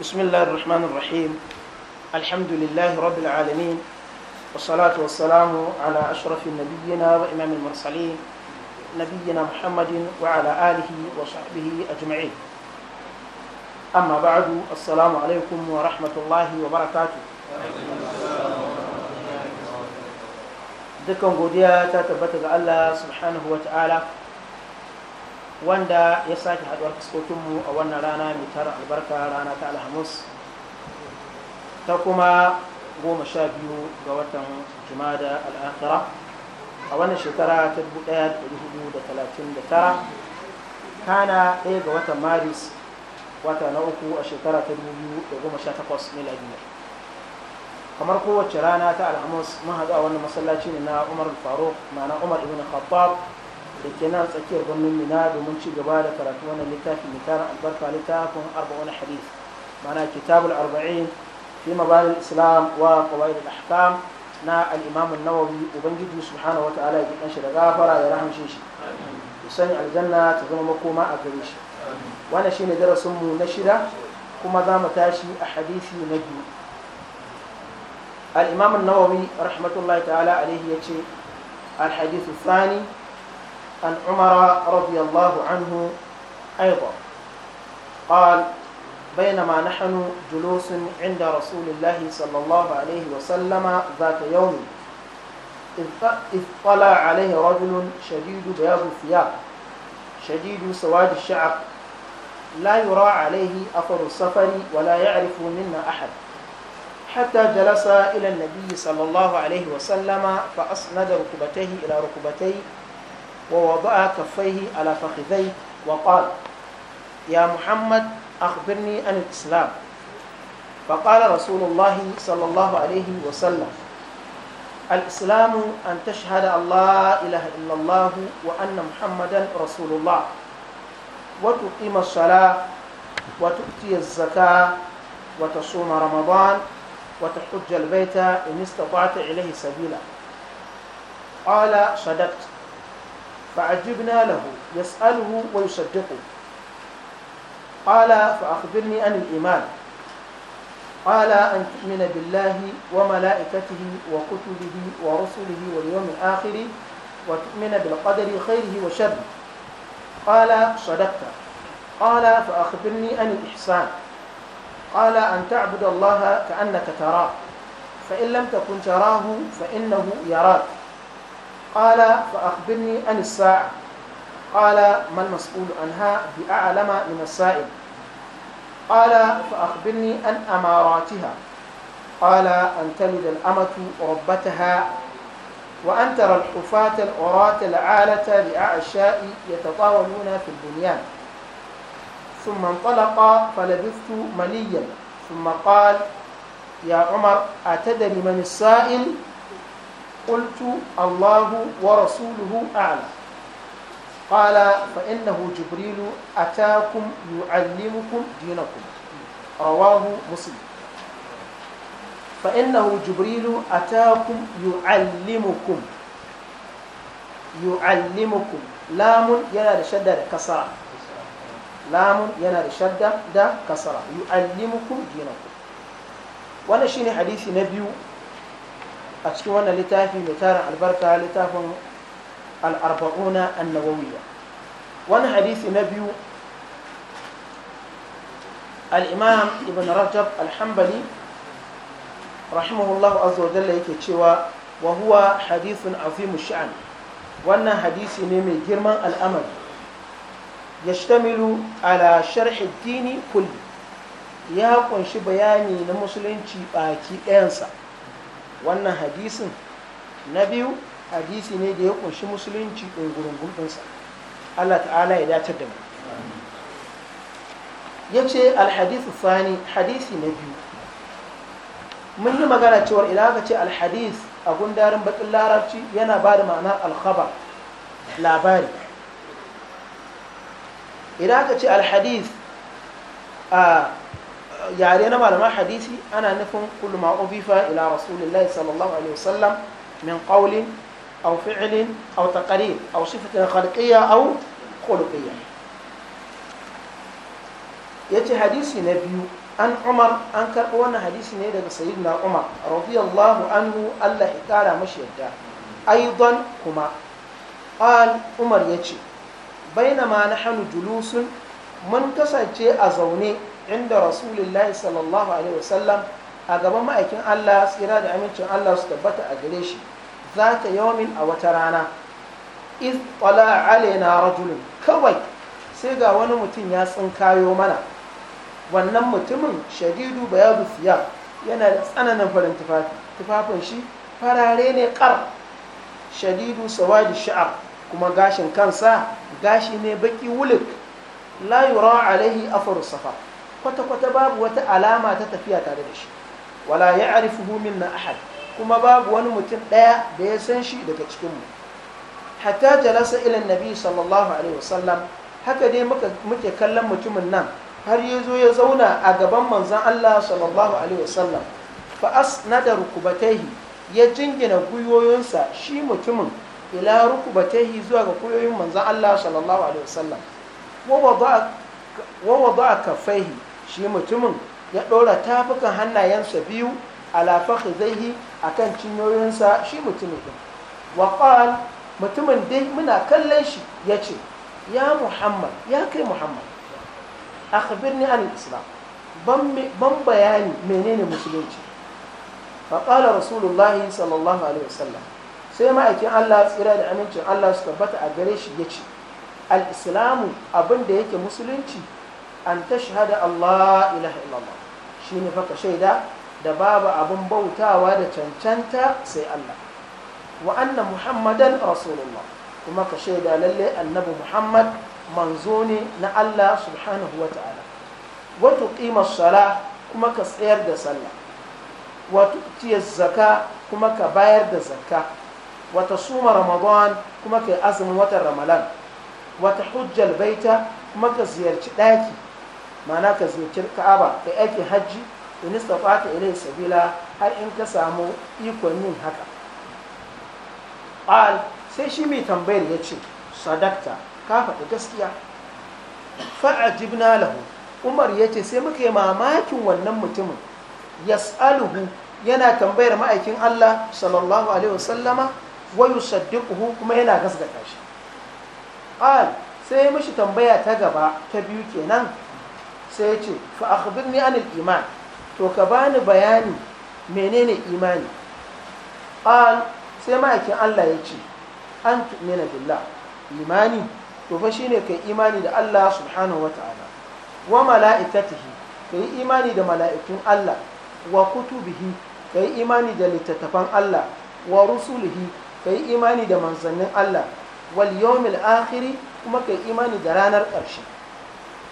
بسم الله الرحمن الرحيم الحمد لله رب العالمين والصلاة والسلام على أشرف نبينا وإمام المرسلين نبينا محمد وعلى آله وصحبه أجمعين أما بعد السلام عليكم ورحمة الله وبركاته دكم قديا تتبتغ الله سبحانه وتعالى wanda ya sake haduwar fuskokinmu a wannan rana mai tara albarka rana ta alhamis ta kuma goma sha biyu ga watan jumada al'akira a wannan shekara ta dubu hudu da da talatin tara kana ɗaya ga watan maris wata na uku a shekara ta dubu biyu goma sha 2018 miladiya kamar kowace rana ta alhamis mun haɗu a wannan masallaci ne na umar faruk ma'ana umar ibn khattab da ke nan tsakiyar birnin mina domin ci gaba da karatu wannan littafi mai tarin albarka littafin arba'un hadis mana kitabul arba'in fi mabalil islam wa qawaid al-ahkam na al-imam an-nawawi ubangiji subhanahu wa ta'ala ya shi da gafara ya rahamshe shi sanya aljanna ta zama makoma a gare shi wannan shine darasin mu na shida kuma za mu tashi a hadisi na biyu al-imam an-nawawi rahmatullahi ta'ala alaihi yace al-hadith ath-thani عن عمر رضي الله عنه أيضا قال بينما نحن جلوس عند رسول الله صلى الله عليه وسلم ذات يوم إذ طلع عليه رجل شديد بياض الثياب شديد سواد الشعر لا يرى عليه أثر السفر ولا يعرف منا أحد حتى جلس إلى النبي صلى الله عليه وسلم فأسند ركبتيه إلى ركبتيه ووضع كفيه على فخذيه وقال يا محمد أخبرني عن الإسلام فقال رسول الله صلى الله عليه وسلم الإسلام أن تشهد أن لا إله إلا الله وأن محمدا رسول الله وتقيم الصلاة وتؤتي الزكاة وتصوم رمضان وتحج البيت إن استطعت إليه سبيلا قال صدقت فعجبنا له يسأله ويصدقه قال فأخبرني عن الإيمان قال أن تؤمن بالله وملائكته وكتبه ورسله واليوم الآخر وتؤمن بالقدر خيره وشره قال صدقت قال فأخبرني عن الإحسان قال أن تعبد الله كأنك تراه فإن لم تكن تراه فإنه يراك قال فأخبرني عن الساعة قال ما المسؤول عنها بأعلم من السائل قال فأخبرني عن أماراتها قال أن تلد الأمة ربتها وأن ترى الحفاة العراة العالة لأعشاء يتطاولون في البنيان ثم انطلق فلبثت مليا ثم قال يا عمر أتدري من السائل قلت الله ورسوله أعلم قال فإنه جبريل أتاكم يعلمكم دينكم رواه مسلم فإنه جبريل أتاكم يعلمكم يعلمكم لام ينال شدة كسرة لام ينال شدة كسرة يعلمكم دينكم وأنا شيني حديث نبي a cikin wannan littafi mai tarin albarka littafin al'arba'una annawawiya wani hadisi na biyu al'imam ibn rajab alhambali rahimahullah azza yake cewa wa huwa hadisun azimu sha'an wannan hadisi ne mai girman al'amari yashtamilu ala sharhi dini kulli ya kunshi bayani na musulunci baki ɗayansa wannan hadisin na biyu hadisi ne da ya kunshi musulunci gurin gumɗinsa Allah ta'ala ya dace da mu ya ce alhadisu sani hadisi na biyu mun yi magana cewar idan aka ce alhadis a gundarin bakin larabci yana ba da ma'ana alkhaba labari idan aka ce alhadis a yare na malaman hadisi ana nufin kulma ma ubifa ila rasulillahi sallallahu alaihi wasallam min qawlin aw fi'lin aw taqrir aw sifatin khalqiyya aw khuluqiyya yace hadisi na biyu an umar an karɓo wannan hadisi ne daga sayyidina umar radiyallahu anhu allah ya mashi yadda aidan kuma al umar ya ce bainama na hannu julusun mun kasance a zaune inda rasulullahi sallallahu alaihi wasallam a gaban ma'aikin Allah tsira da amincin Allah su tabbata a gare shi za ta yawmin a wata rana iz qala alaina rajulun kawai sai ga wani mutum ya tsinkayo mana wannan mutumin shadidu bayadu siya yana da tsananin farin tufafi tufafin shi farare ne kar shadidu sawadi sha'ar kuma gashin kansa gashi ne baki wulik la yura alaihi afru safa kwata-kwata babu wata alama ta tafiya tare da shi wala ya fuhumin na ahad kuma babu wani mutum ɗaya da ya san shi daga cikinmu hatta jalasa ilin nabi sallallahu alaihi wasallam haka dai muke kallon mutumin nan har ya zo ya zauna a gaban manzan Allah sallallahu alaihi wasallam fa asnada ya jingina gwiwoyinsa shi mutumin ila rukubatahi zuwa ga gwiwoyin manzan Allah sallallahu alaihi wasallam wa wada'a kafaihi shi mutumin ya ɗora tafukan hannayensa biyu yi a kan cinyoyinsa shi mutumin ɗin waƙar mutumin dai muna kallon shi yace ya muhammad ya kai muhammad ni an islam ban bayani menene musulunci faƙalar rasulullahi sallallahu alaihi wasallam sai ma'aikin allah tsira da amincin allah su tabbata a gare shi ya ce al'islamu abinda yake musulunci an shahada Allah ilaha illallah shine fa ka shaida da babu abin bautawa da cancanta sai Allah wa anna muhammadan rasulullah kuma ka shaida lalle annabi muhammad manzo ne na Allah subhanahu wa ta'ala wa tuqima sala kuma ka tsayar da sallah wa tu'tiya zaka kuma ka bayar da zakka wa tasuma ramadan kuma ka azumin watan ramadan wa tahujja baita kuma ka ziyarci daki ma'ana ka zuci ka'aba ka aikin hajji in istafata ilai sabila har in ka samu ikon yin haka a'l sai shi mai tambayar ya ce sadakta ka faɗi gaskiya fa'ajibna lahu umar ya ce sai muka yi mamakin wannan mutumin yas'aluhu yana tambayar ma'aikin Allah sallallahu alaihi wasallama wa yusaddiquhu kuma yana gasgata shi al sai mishi tambaya ta gaba ta biyu kenan sai ya ce fa akhbirni anil iman to ka bani bayani menene imani qal sai ma'aikin Allah ya ce an tu'mina billah imani to fa shine kai imani da Allah subhanahu wata'ala wa mala'ikatihi kai imani da mala'ikun Allah wa kutubihi kai imani da littattafan Allah wa rusulihi kai imani da manzannin Allah wal yawmil akhiri kuma kai imani da ranar ƙarshe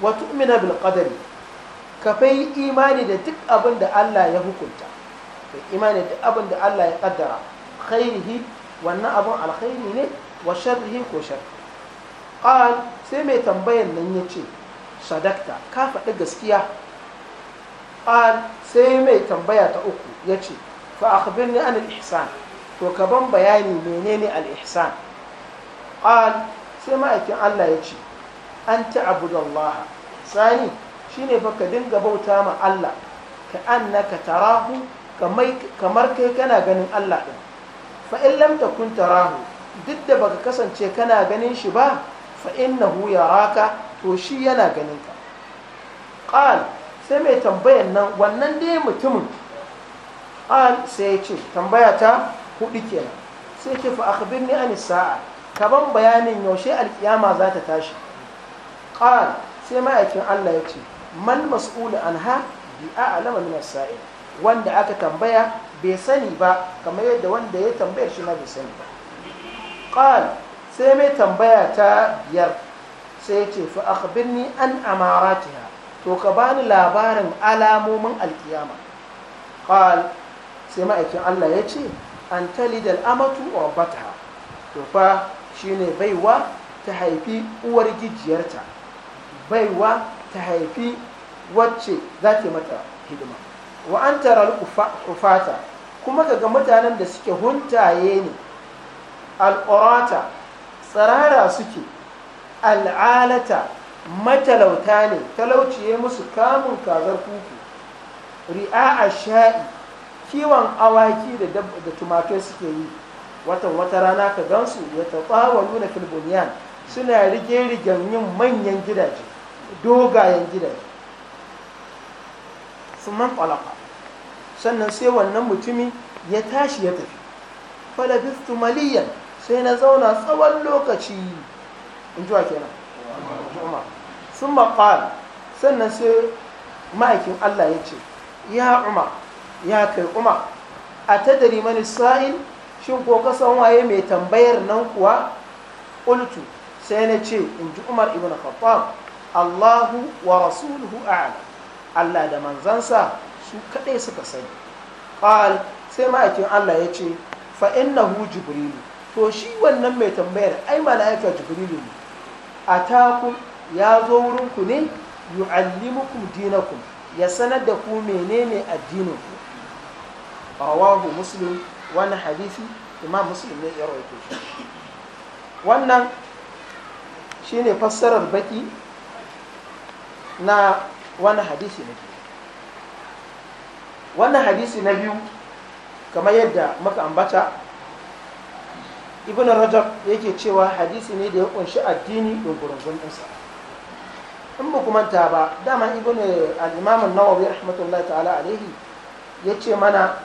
wa tu'mina bil qadari ka fai imani da duk abinda Allah ya hukunta kai imani da duk abin Allah ya kaddara khairihi wannan abin alkhairi ne wa sharrihi ko shar qal sai mai tambayan nan ya ce sadakta ka faɗi gaskiya al sai mai tambaya ta uku ya ce fa akhbirni an al-ihsan to ka ban bayani menene al-ihsan al sai ma'aikin Allah ya ce an ta'budallaha sani shine fa ka dinga bauta ma Allah ka annaka tarahu kamar kai kana ganin Allah din fa in lam takun tarahu duk da baka kasance kana ganin shi ba fa innahu yaraka to shi yana ganin ka qal sai mai tambayan nan wannan dai mutumin qal sai ya ce tambaya ta hudu kenan sai ce fa akhbirni anis sa'a kaban bayanin yaushe alkiyama za ta tashi qal sai ma'aikin Allah ya ce man mas'ulu anha bi a'lama min as wanda aka tambaya bai sani ba kamar yadda wanda ya tambaya shi na bai sani ba qal sai mai tambaya ta biyar sai ya ce fa birni an amaratiha to ka bani labarin alamomin alkiyama qal sai ma'aikin Allah ya ce an talida al'amatu rabbataha to fa shine baiwa ta haifi uwar gijiyarta baiwa ta haifi wacce za ta mata hidima wa an tara kufata kuma kaga mutanen da suke huntaye ne al'urata tsarara suke al'alata matalauta ne talauciye musu kamun kazar kuku ri'a a sha'i kiwon awaki da tumakai suke yi watan wata rana ka gansu ya tsawon nuna filbuniyan suna rige-rigen yin manyan gidaje dogayen gida su man ƙwalaƙa sannan sai wannan mutumi ya tashi ya tafi falabistu maliyan sai na zauna tsawon lokaci in ji wa kenan sun maƙwal sannan sai ma'aikin allah ya ce ya umar ya kai umar a tadari mani sa'in shin ko kasan waye mai tambayar nan kuwa ƙultu sai na ce in ji umar ibn khattab Allahu wa rasuluhu a'lam Allah da manzansa su kaɗai suka sani qal sai ma'aikin Allah ya ce fa innahu jibrilu to shi wannan mai tambayar ai mala'ika jibrilu ne Ataku ya zo wurin wurinku ne yu'allimukum dinakum ya sanar da ku menene addinin ku rawahu muslim wannan hadisi imam muslim ne ya rawaito shi wannan shine fassarar baki na wani hadisi na biyu wannan hadisi na biyu kamar yadda muka ambata ibn rajab yake cewa hadisi ne da ya kunshi addini dogorungun ɗinsa in ba kuma ta ba dama ibn al-imam nawawi rahmatullahi ta'ala alaihi ya ce mana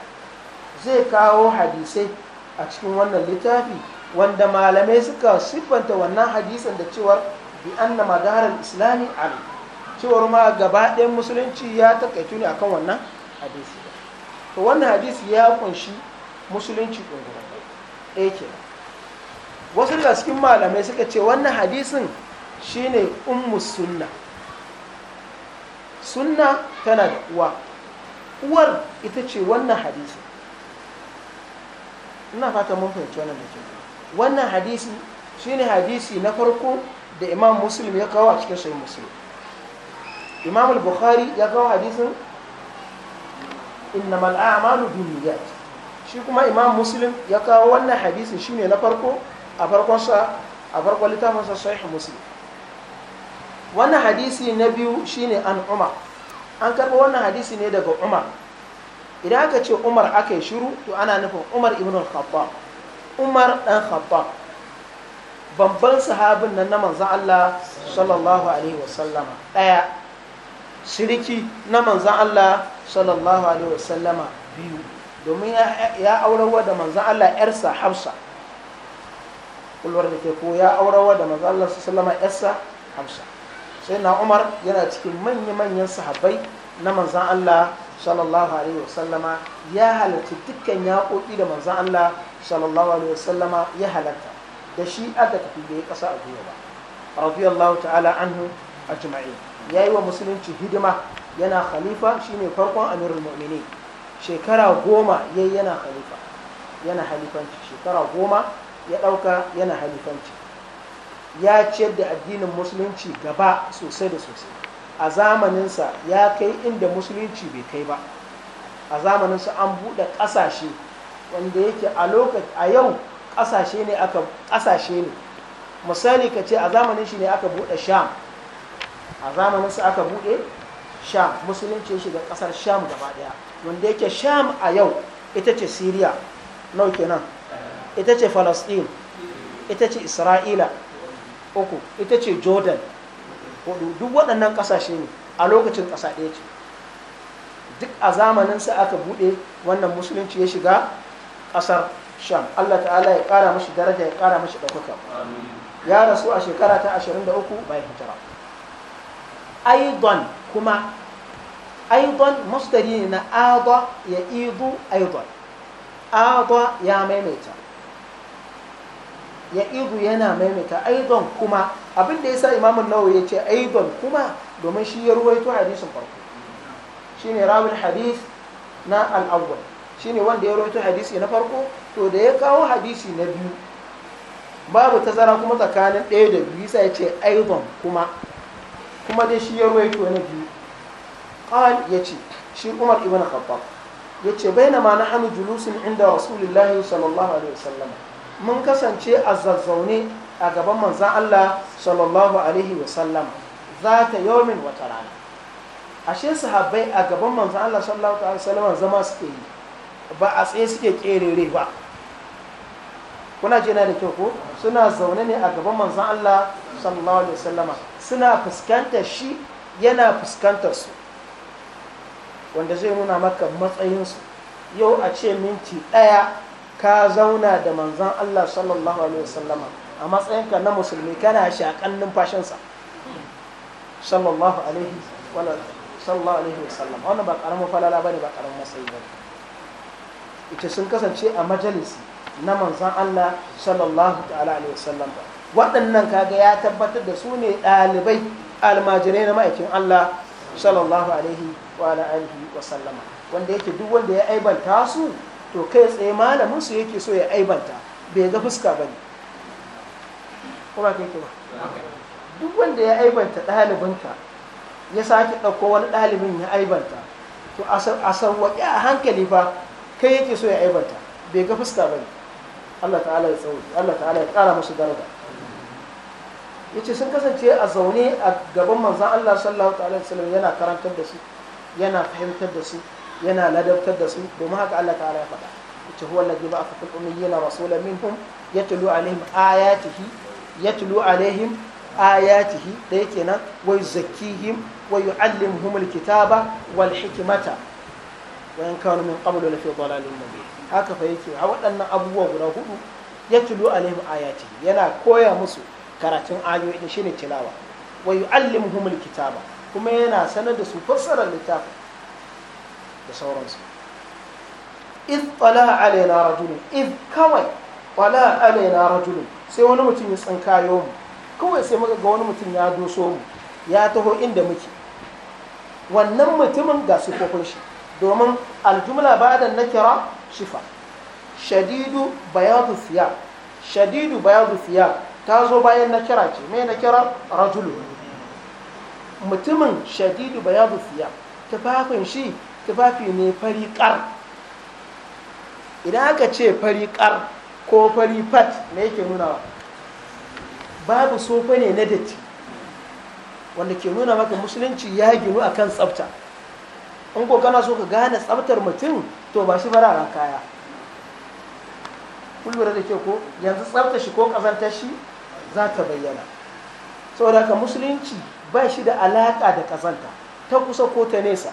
zai kawo hadisai a cikin wannan littafi wanda malamai suka siffanta wannan hadisin da cewar bi anna madarar islami alaihi cewar ma gaba ɗayan musulunci ya takaitu ne akan wannan hadisi to wannan hadisi ya kunshi musulunci ɗungura ɗaya ke wasu daga cikin malamai suka ce wannan hadisin shine ummu sunna sunna tana da uwa uwar ita ce wannan hadisi ina fata mun fahimci wannan da wannan hadisi shine hadisi na farko da imam muslim ya kawo a cikin sahih muslim imam al-bukhari ya kawo hadisin mal a'malu niyyat shi kuma imam muslim ya kawo wannan hadisin shine na farko a farkon sa a farkon littafin sa sahih muslim wannan hadisi na biyu shine an umar an karba wannan hadisi ne daga umar idan aka ce umar aka yi shiru to ana nufin umar ibn al-khattab umar dan khattab babban sahabin nan na manzon Allah sallallahu alaihi wasallama daya siriki na manzan Allah sallallahu alaihi wasallama biyu domin ya aurawa da manzan Allah yarsa Hafsa kulwar da ke ko ya aurawa da manzan Allah sallallahu alaihi wasallama yarsa Hafsa sai na Umar yana cikin manya-manyan sahabbai na manzan Allah sallallahu alaihi wasallama ya halarci dukkan yaƙoƙi da manzan Allah sallallahu alaihi wasallama ya halarta da shi aka tafi da ya ƙasa a gwiwa ba radiyallahu ta'ala anhu ajma'in ya yi wa musulunci hidima yana khalifa shine farkon amirul mu'mini shekara goma ya yana khalifa yana halifanci shekara goma ya ɗauka yana halifanci ya ciyar da addinin musulunci gaba sosai da sosai a zamaninsa ya kai inda musulunci bai kai ba a zamaninsa an buɗe ƙasashe wanda yake a lokaci a yau ƙasashe ne aka ƙasashe ka ce a zamanin shi ne aka buɗe sham a zamanin su aka buɗe sham musulunci shiga ƙasar sham gaba ɗaya wanda yake sham a yau ita ce syria nau kenan ita ce palestine ita ce isra'ila uku ita ce jordan hudu duk waɗannan ƙasashe ne a lokacin ƙasa ɗaya ce duk a zamanin sa aka buɗe wannan musulunci ya shiga ƙasar sham allah ta'ala ya ƙara mashi daraja ya ƙara mashi ɗaukaka ya rasu a shekara ta 23 bayan hijira Aidon kuma aidon mustari ne na ada ya idu aidon ada ya maimaita ya idu yana maimaita aidon kuma abin da yasa imamun nawawi ya ce aidon kuma domin shi ya ruwaito hadisin farko shi ne rawin hadis na al'awwal shi ne wanda ya ruwaito hadisi na farko to da ya kawo hadisi na biyu babu tazara kuma tsakanin ɗaya da biyu sai ya ce aidon kuma kuma dai shi ya ruwaito na biyu qal yace shi Umar ibn Khattab yace bainama nahnu julusin inda Rasulullahi sallallahu alaihi wasallam mun kasance a zazzaune a gaban manzon Allah sallallahu alaihi wasallam zata yawmin wata rana ashe sahabbai a gaban manzon Allah sallallahu alaihi wasallam zama suke yi ba a tsaye suke kerere ba kuna ce na da kyau ko suna zaune ne a gaban manzon Allah sallallahu alaihi sallama suna fuskantar shi yana fuskantar su wanda zai nuna maka matsayinsu yau a ce minti ɗaya ka zauna da manzan Allah sallallahu alaihi sallama a matsayinka na musulmi kana shaƙan numfashinsa sallallahu alaihi sallallahu alaihi wasallam wannan ba karamin falala bane ba ƙaramin matsayi ba ita sun kasance a majalisi na manzan Allah sallallahu ta'ala alaihi wasallam ba waɗannan kaga ya tabbatar da su ne ɗalibai almajirai na ma'aikin Allah sallallahu alaihi wa alihi wa sallama wanda yake duk wanda ya aibanta su to kai tsaye malamin su yake so ya aibanta bai ga fuska ba ne kuma kai kuma duk wanda ya aibanta ɗalibinta, ya sake ɗauko wani ɗalibin ya aibanta to a sauwaƙi a hankali fa kai yake so ya aibanta bai ga fuska ba ne Allah ta'ala ya tsawo Allah ta'ala ya ƙara musu daraja yace sun kasance a zaune a gaban manzon Allah sallallahu alaihi wasallam yana karantar da su yana fahimtar da su yana ladabtar da su domin haka Allah ta'ala ya faɗa yace huwa allazi ba'atha fil ummiyina rasulan minhum yatlu alaihim ayatihi yatlu alaihim ayatihi da yake nan wa yuzakkihim wa yu'allimuhum alkitaba wal hikmata wa in kanu min qablu lafi dhalalin mubin haka fa yake a waɗannan abubuwa guda hudu yatlu alaihim ayatihi yana koya musu karatun ayoyi shine tilawa wa yu'allimuhum kitaba kuma yana sanar da su fassarar littafi da sauransu iz tsala alaina rajulun if kawai tsala alaina rajulun sai wani mutum ya tsinkayomu mu kawai sai muka ga wani mutum ya doso mu ya taho inda muke wannan mutumin ga sifofin shi domin aljumla bada nakira shifa shadidu bayadu siya shadidu bayadu siya ta zo bayan na kira ce mai na kira rajulu mutumin shadidu bayadu siya tufafin shi tufafi ne fariƙar idan aka ce fariƙar ko fari fat me yake nunawa babu sofa ne na datti wanda ke nuna maka musulunci ya ginu a kan tsafta in ko kana so ka gane tsaftar mutum to ba shi barara kaya Kullum da ke ko yanzu tsabta shi ko ƙazantar shi za ta bayyana saboda musulunci ba shi da alaƙa da ƙazanta ta kusa ko ta nesa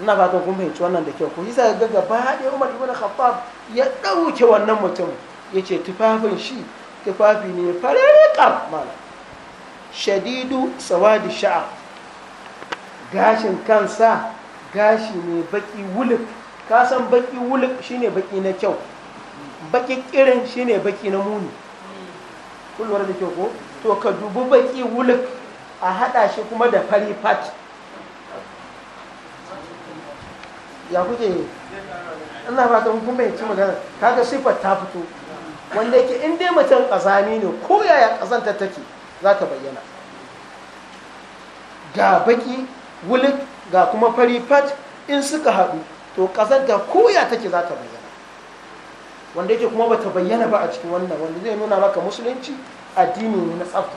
ina fatan kun fahimci wannan da kyau ku yi ga gaba ɗaya umar ibn khattab ya ɗauke wannan mutum ya ce tufafin shi tufafi ne fariƙar mana shadidu sawadi sha'a gashin kansa gashi ne baki wuluk ka san baki wuluk shine baki na kyau baki kirin shine baƙi na muni kulwar da ke ko to ka dubi baki wuluk a haɗa shi kuma da fari fat ya kuke ina ta kun bai ci magana kaga sifar ta fito wanda yake in dai mutum ƙazami ne ko yaya ƙazanta take za ta bayyana ga baki wuluk ga kuma fari fat in suka haɗu to ƙazanta ko ya take za ta bayyana wanda yake kuma bata bayyana ba a cikin wannan wanda zai nuna maka musulunci addini ne na tsafta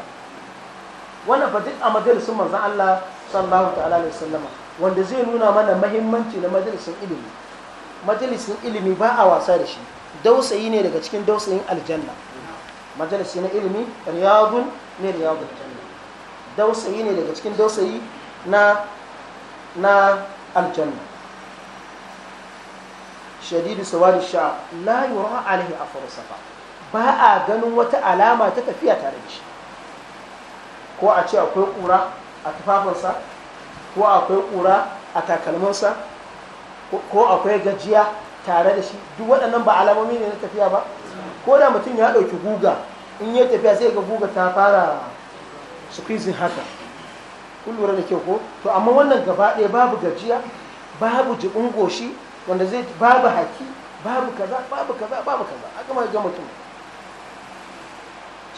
wannan ba duk a majalisun manzon Allah sallallahu ta'ala alaihi wasallama wanda zai nuna mana mahimmanci na majalisun ilimi majalisun ilimi ba a wasa da shi dausayi ne daga cikin dausayin aljanna majalisi na ilimi riyadun ne riyadun janna dausayi ne daga cikin dausayi na na aljanna shadidu sawali sha la yura alaihi afru safa ba a ganin wata alama ta tafiya tare da shi ko a ce akwai kura a tufafinsa ko akwai kura a takalminsa ko akwai gajiya tare da shi duk waɗannan ba alamomi ne na tafiya ba ko da mutum ya ɗauki guga in yi tafiya sai ga guga ta fara squeezing haka kun lura da kyau ko to amma wannan gaba ɗaya babu gajiya babu jibin goshi wanda zai babu haki babu kaza babu kaza babu kaza haka ma ga mutum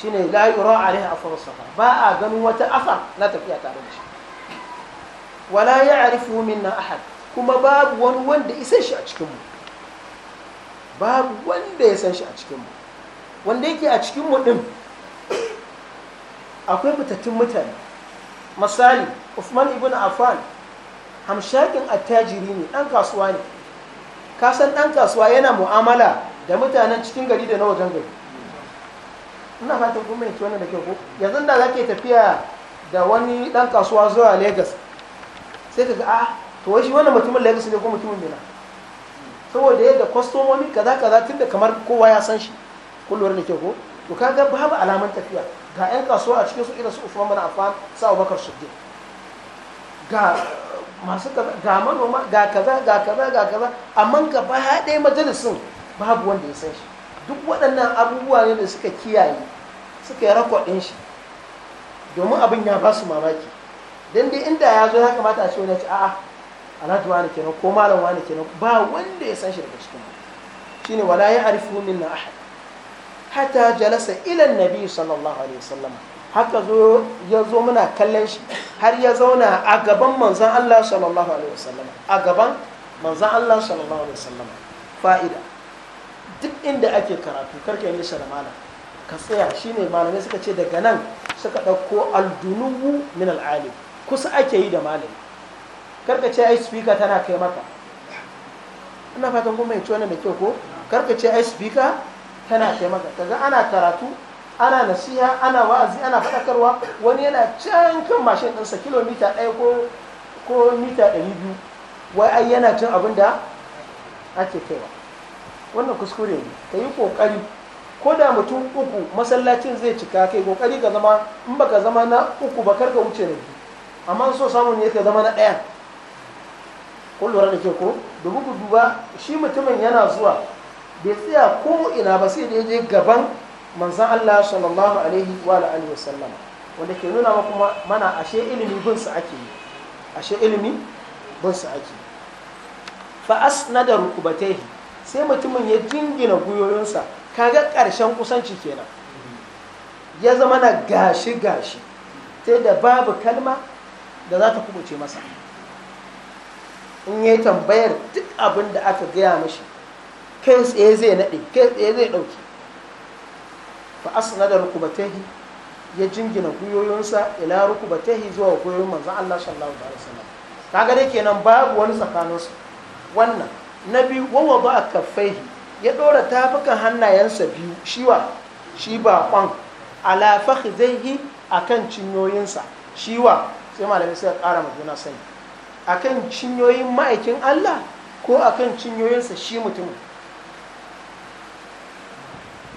shine la yura alaiha afar safa ba a ganin wata afa na tafiya tare da shi wala ya ya'rifu minna ahad kuma babu wani wanda ya san shi a cikinmu. babu wanda ya san shi a cikinmu. mu wanda yake a cikinmu mu din akwai fitattun mutane misali Uthman ibn Affan hamshakin attajiri ne dan kasuwa ne ka san ɗan kasuwa yana mu'amala da mutanen cikin gari da na wajen gari ina fatan kuma yanki wannan da kyau ko yanzu da za ke tafiya da wani ɗan kasuwa zuwa lagos sai ka ga a ah, to shi wannan mutumin lagos ne ko mutumin mina saboda yadda kwastomomi kaza kaza da kamar kowa ya san shi kullum da kyau ko to kaga babu alaman tafiya ga 'yan kasuwa a cikin su irin su usman bin affan sa abubakar suje. ga masu kaza ga manoma ga kaza ga kaza ga kaza amma ba haɗe majalisin babu wanda ya san shi duk waɗannan abubuwa ne da suka kiyaye suka yi rakwadin shi domin abin ya ba su mamaki don dai inda ya zo ya kamata a ce wani a a'a alhaji wani kenan ko malam wani kenan ba wanda ya san shi daga cikin mu shine wala ya arifu minna ahad hatta jalasa ila nabi sallallahu alaihi wasallam haka zo ya zo muna kallon shi har ya zauna a gaban manzan Allah sallallahu alaihi wasallam a gaban manzan Allah sallallahu alaihi wasallam fa'ida duk inda ake karatu karka yi da malam ka tsaya shine malamai suka ce daga nan suka ɗauko aldunuwu min al'alim kusa ake yi da malami karka ce ai speaker tana kai maka ina fatan kuma ya ci wannan da kyau ko karka ce ai speaker tana kai maka kaga ana karatu ana nasiya ana wa'azi ana faɗakarwa wani yana can kan mashin ɗinsa kilomita ɗaya ko mita ɗari biyu wai ai yana cin abin da ake kaiwa wannan kuskure ne ka yi ƙoƙari ko da mutum uku masallacin zai cika kai ƙoƙari ka zama in baka zama na uku ba kar ka wuce na biyu amma so samun ne ka zama na ɗaya kun lura da ke ko dubu duba shi mutumin yana zuwa bai tsaya ko ina ba sai da ya je gaban manzan Allah sallallahu alaihi wa alihi wasallam wanda ke nuna ma kuma mana ashe ilimi bin su ake yi ashe ilimi bin su ake yi fa asnada rukubatayhi sai mutumin ya jingina guyoyinsa kaga karshen kusanci kenan ya zama na gashi gashi sai da babu kalma da za ta kubuce masa in ya tambayar duk abin da aka gaya mashi kai tsaye zai naɗe kai tsaye zai ɗauki fa da rukubatayhi ya jingina guyoyinsa ila rukubatayhi zuwa guyoyin manzon Allah sallallahu alaihi wasallam kaga dai kenan babu wani tsakanin su wannan na biyu wawa ba a kaffaihi ya ɗora tafukan hannayensa biyu shiwa shi baƙon ala fakhidaihi akan cinyoyinsa shiwa sai malamai suka kara ma juna sani akan cinyoyin ma'aikin Allah ko akan cinyoyinsa shi mutumin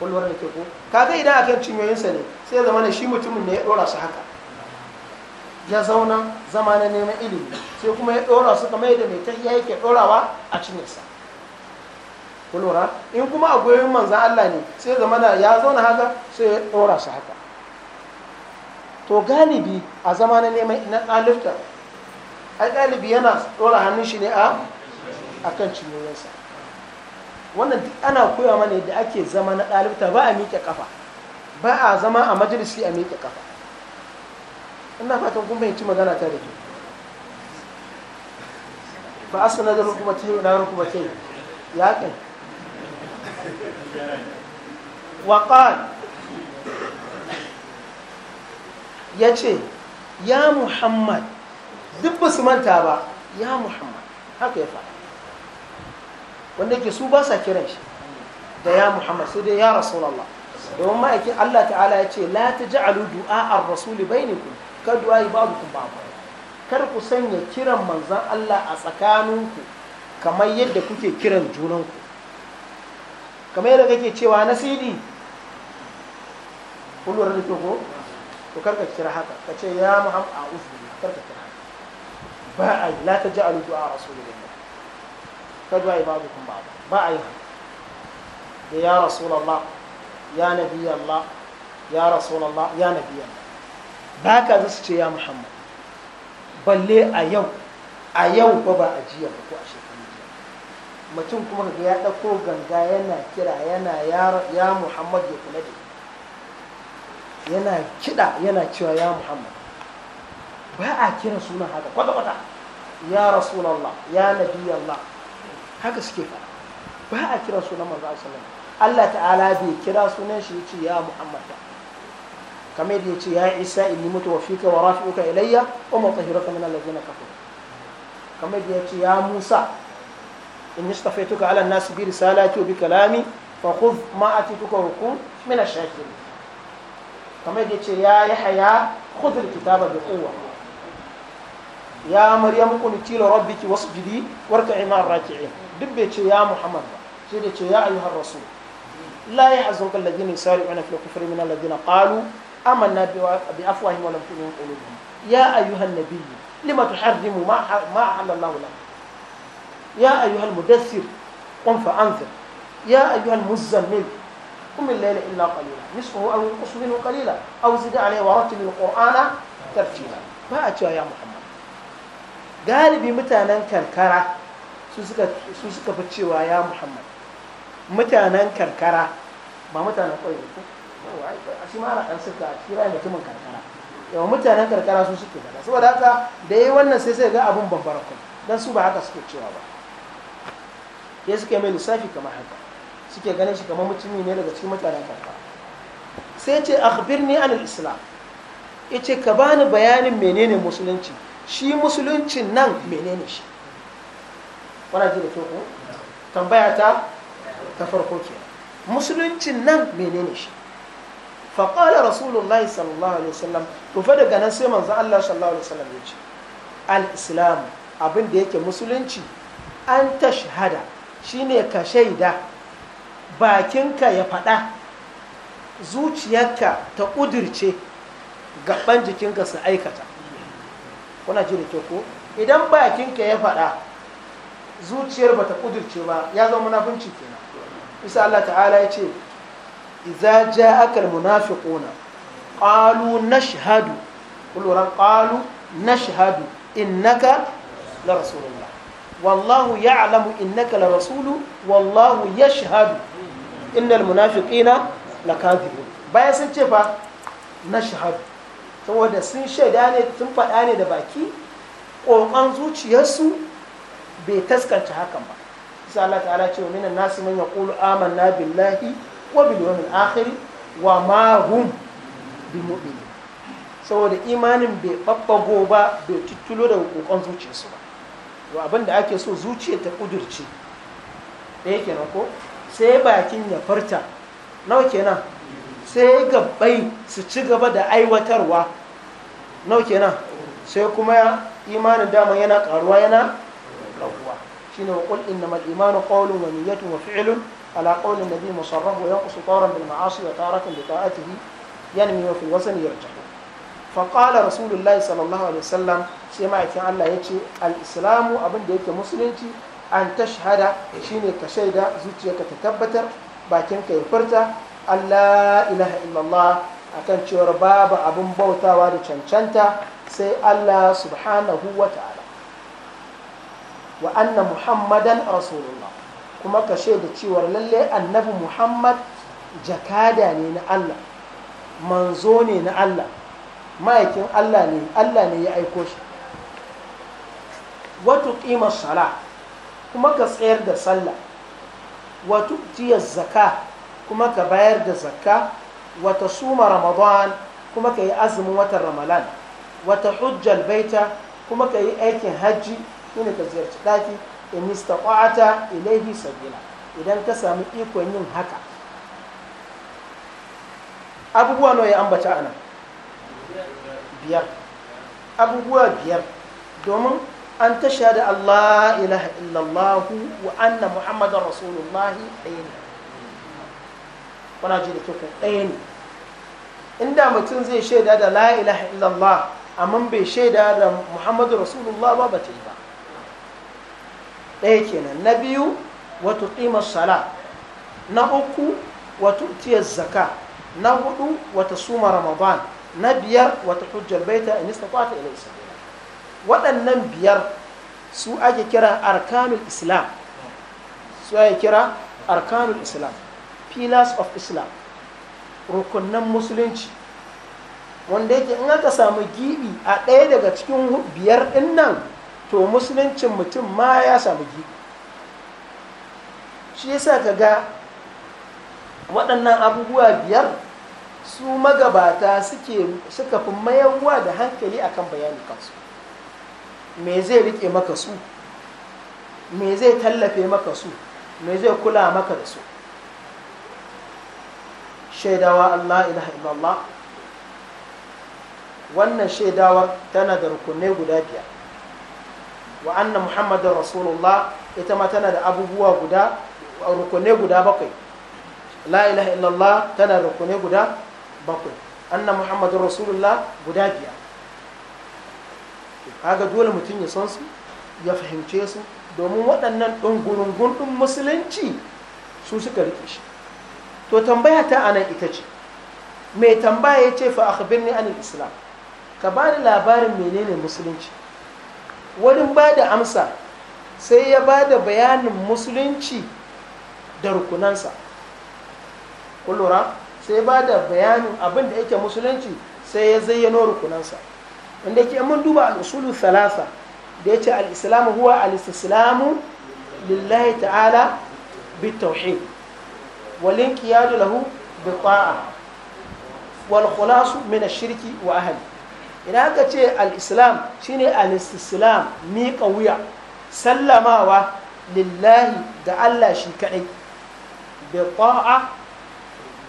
kullum da ke ko kaga idan akan sa ne sai ya zama shi mutumin ne ya dora su haka ya zauna zama na neman ilimi sai kuma ya dora su kamar yadda mai tahiya yake dorawa a sa kulura in kuma a goyon manzan Allah ne sai zama na ya zauna haka sai ya dora su haka to galibi a zama na neman na ɗalibta a galibi yana dora hannun shi ne a akan sa wannan duk ana koya mana yadda ake zama na ɗalibta ba a miƙe kafa ba a zama a majalisi a miƙe kafa ina fatan kun fahimci magana ta da ke ba a sanar da rukumata yau na ta yi ya kan waƙan ya ce ya muhammad duk ba su manta ba ya muhammad haka ya faɗa wanda yake su ba sa kiran shi da ya muhammad sai dai ya rasulallah domin ma'aikin allah ta'ala ya ce la ta ja'alu du'a'ar rasuli ku? Kar bainakum ka du'a'i ba'dukum ba'd kar ku sanya kiran manzan allah a tsakaninku kamar yadda kuke kiran junanku kamar yadda kake cewa na sidi kun lura da ko to karka kira haka ka ce ya muhammad a uzu karka kira haka ba a la ta ja'alu du'a rasulillahi kadwa ibadukum ba ba a yi da ya rasu rasulallah ya nabi Allah ya rasu rasulallah ya nabi Allah ba ka za su ce ya muhammad balle a yau a yau ba ba a jiya ba ko a shekaru jiya mutum kuma ga ya ɗauko ganga yana kira yana ya muhammad ya kula da yana kiɗa yana cewa ya muhammad ba a kiran suna haka kwata-kwata ya rasu rasulallah ya nabi Allah haka suke fara ba a kira sunan manzo sallallahu alaihi wasallam Allah ta'ala bai kira sunan shi yace ya Muhammad kamar yadda yace ya Isa inni mutawaffika wa rafi'uka ilayya wa mutahhiruka min alladhina kafaru kamar yadda yace ya Musa inni istafaituka ala an-nas bi risalati wa bi kalami fa khudh ma atituka wa kun min ash-shakirin kamar yadda yace ya Yahya khudh al-kitaba bi quwwa يا مريم قل تيل ربك واسجدي واركعي مع الراكعين duk bai ce ya muhammad ba sai da ce ya ayyuhar rasul la yahzunka alladhina yusari'una fil kufri min alladhina qalu amanna bi afwahihim wa lam tu'min qulubuhum ya ayyuhan nabiyyu lima tuharrimu ma ma Allah lak ya ayyuhal mudaththir qum fa anzir ya ayyuhal muzammil قم الليل إلا قليلا نصفه أو ينقص منه قليلا أو زد عليه ورتل القرآن ba a أتوا يا محمد galibi mutanen karkara su suka fi cewa ya muhammad mutanen karkara ba mutanen ƙauye ko a shi mara ɗan suka a kira mutumin karkara yawan mutanen karkara su suke gada saboda haka da yi wannan sai sai ga abin babbar kun don su ba haka suke cewa ba ya suke mai lissafi kamar haka suke ganin shi kamar mutumi ne daga cikin mutanen karkara sai ce akhbirni anil islam ce ka bani bayanin menene musulunci shi musuluncin nan menene shi wana ji da toko ko tambaya ta ta farko ke musuluncin nan menene shi faƙala rasulullahi sallallahu alaihi wasallam to fa daga nan sai manzo Allah sallallahu alaihi wasallam ya ce al-islam abin da yake musulunci an ta shahada shine ka shaida bakinka ya faɗa zuciyarka ta ƙudirce gaban jikinka su aikata kuna ji da ke ko idan bakinka ya faɗa zuciyar bata kudurce ba ya zama munafunci kenan isa Allah ta'ala ya ce idza ja'aka almunafiquna qalu nashhadu kulluran qalu nashhadu innaka la rasulullah wallahu ya'lamu innaka la rasulu wallahu yashhadu innal munafiqina lakadibun bayan sun ce fa nashhadu saboda sun shaida ne sun faɗa ne da baki ƙoƙon zuciyarsu bai taskance hakan ba sai Allah ta'ala ce wa minan nasu man yaqulu amanna billahi wa bil yawmil akhir wa ma hum saboda imanin bai babbago ba bai tuttulo da kokon zuciyarsu ba to abin da ake so zuciya ta kudurce yake kenan ko sai bakin ya farta nawa kenan sai gabbai su ci gaba da aiwatarwa nawa kenan sai kuma imanin daman yana karuwa yana ɗaukuwa shi ne wakul inna mal imanu qawlun wa niyyatun wa fi'lun ala qawlin nabi musarraf wa yanqusu tawran bil ma'asi wa taratan bi ta'atihi yanmi wa fil wasan yarjahu fa qala rasulullah sallallahu alaihi wasallam sai ma'aikin Allah yace al islamu abin da yake musulunci an tashhada shine ka shaida zuciyarka ta tabbatar bakinka ya furta Allah ilaha illallah akan cewar babu abin bautawa da cancanta sai Allah subhanahu wa ta'ala wa anna muhammadan rasulullah kuma ka shaida cewar lalle annabi muhammad jakada ne na allah manzo ne na allah ma'aikin allah ne allah ne ya aiko shi wato ƙimar sala kuma ka tsayar da sallah wato tiyar zaka kuma ka bayar da zakka wata suma ramadan kuma ka yi azumin watan ramadan wata hujjal baita kuma ka yi aikin hajji shine ka ziyarci ɗaki in istata'ata ilaihi sabila idan ka samu ikon yin haka abubuwa nawa ya ambata ana biyar abubuwa biyar domin an tasha da Allah ilaha illallahu wa anna muhammadan rasulullahi ɗaya ne kuna ji da kyau ɗaya ne inda mutum zai shaida da la ilaha illallah amma bai shaida da muhammadu rasulullah ba ba ta yi ba ɗaya kenan na biyu wato ƙimar sala na uku wato tiyar zaka na hudu wata suma ramadan na biyar wata hujjar baita in kwata ila isabila waɗannan biyar su ake kira arkanul islam su ake kira arkanul islam pillars of islam rukunan musulunci wanda yake in aka samu gibi a ɗaya daga cikin biyar ɗin nan to musuluncin mutum ma ya samu gibi shi yasa ka ga waɗannan abubuwa biyar su magabata suke suka fi mayarwa da hankali akan bayani kansu me zai rike maka su me zai tallafe maka su me zai kula maka da su shaidawa Allah ilaha illallah wannan shaidawa tana da rukunai guda biyar wa anna muhammadar rasulullah ita ma tana da abubuwa guda rukune guda bakwai la ilaha illallah tana da rukune guda bakwai anna muhammadar rasulullah guda biya. kaga dole mutum ya san su ya fahimce su domin waɗannan ɗungurungun ɗin musulunci su suka riƙe shi to tambaya ta anan ita ce mai tambaya ya ce fa akhbirni anil islam ka bani labarin menene musulunci wurin ba da amsa sai ya ba da bayanin musulunci da rukunansa kullura sai ba da bayanin abin da yake musulunci sai ya zayyano rukunansa inda ke mun duba al'usulu salasa da ya ce al'islamu huwa al'islamu lillahi ta'ala bi tauhid walin kiyadu lahu bi ta'a wal khulasu min shirki wa ahli idan aka ce al-islam shine al-istislam miƙa wuya sallamawa lillahi da Allah shi kadai bi ta'a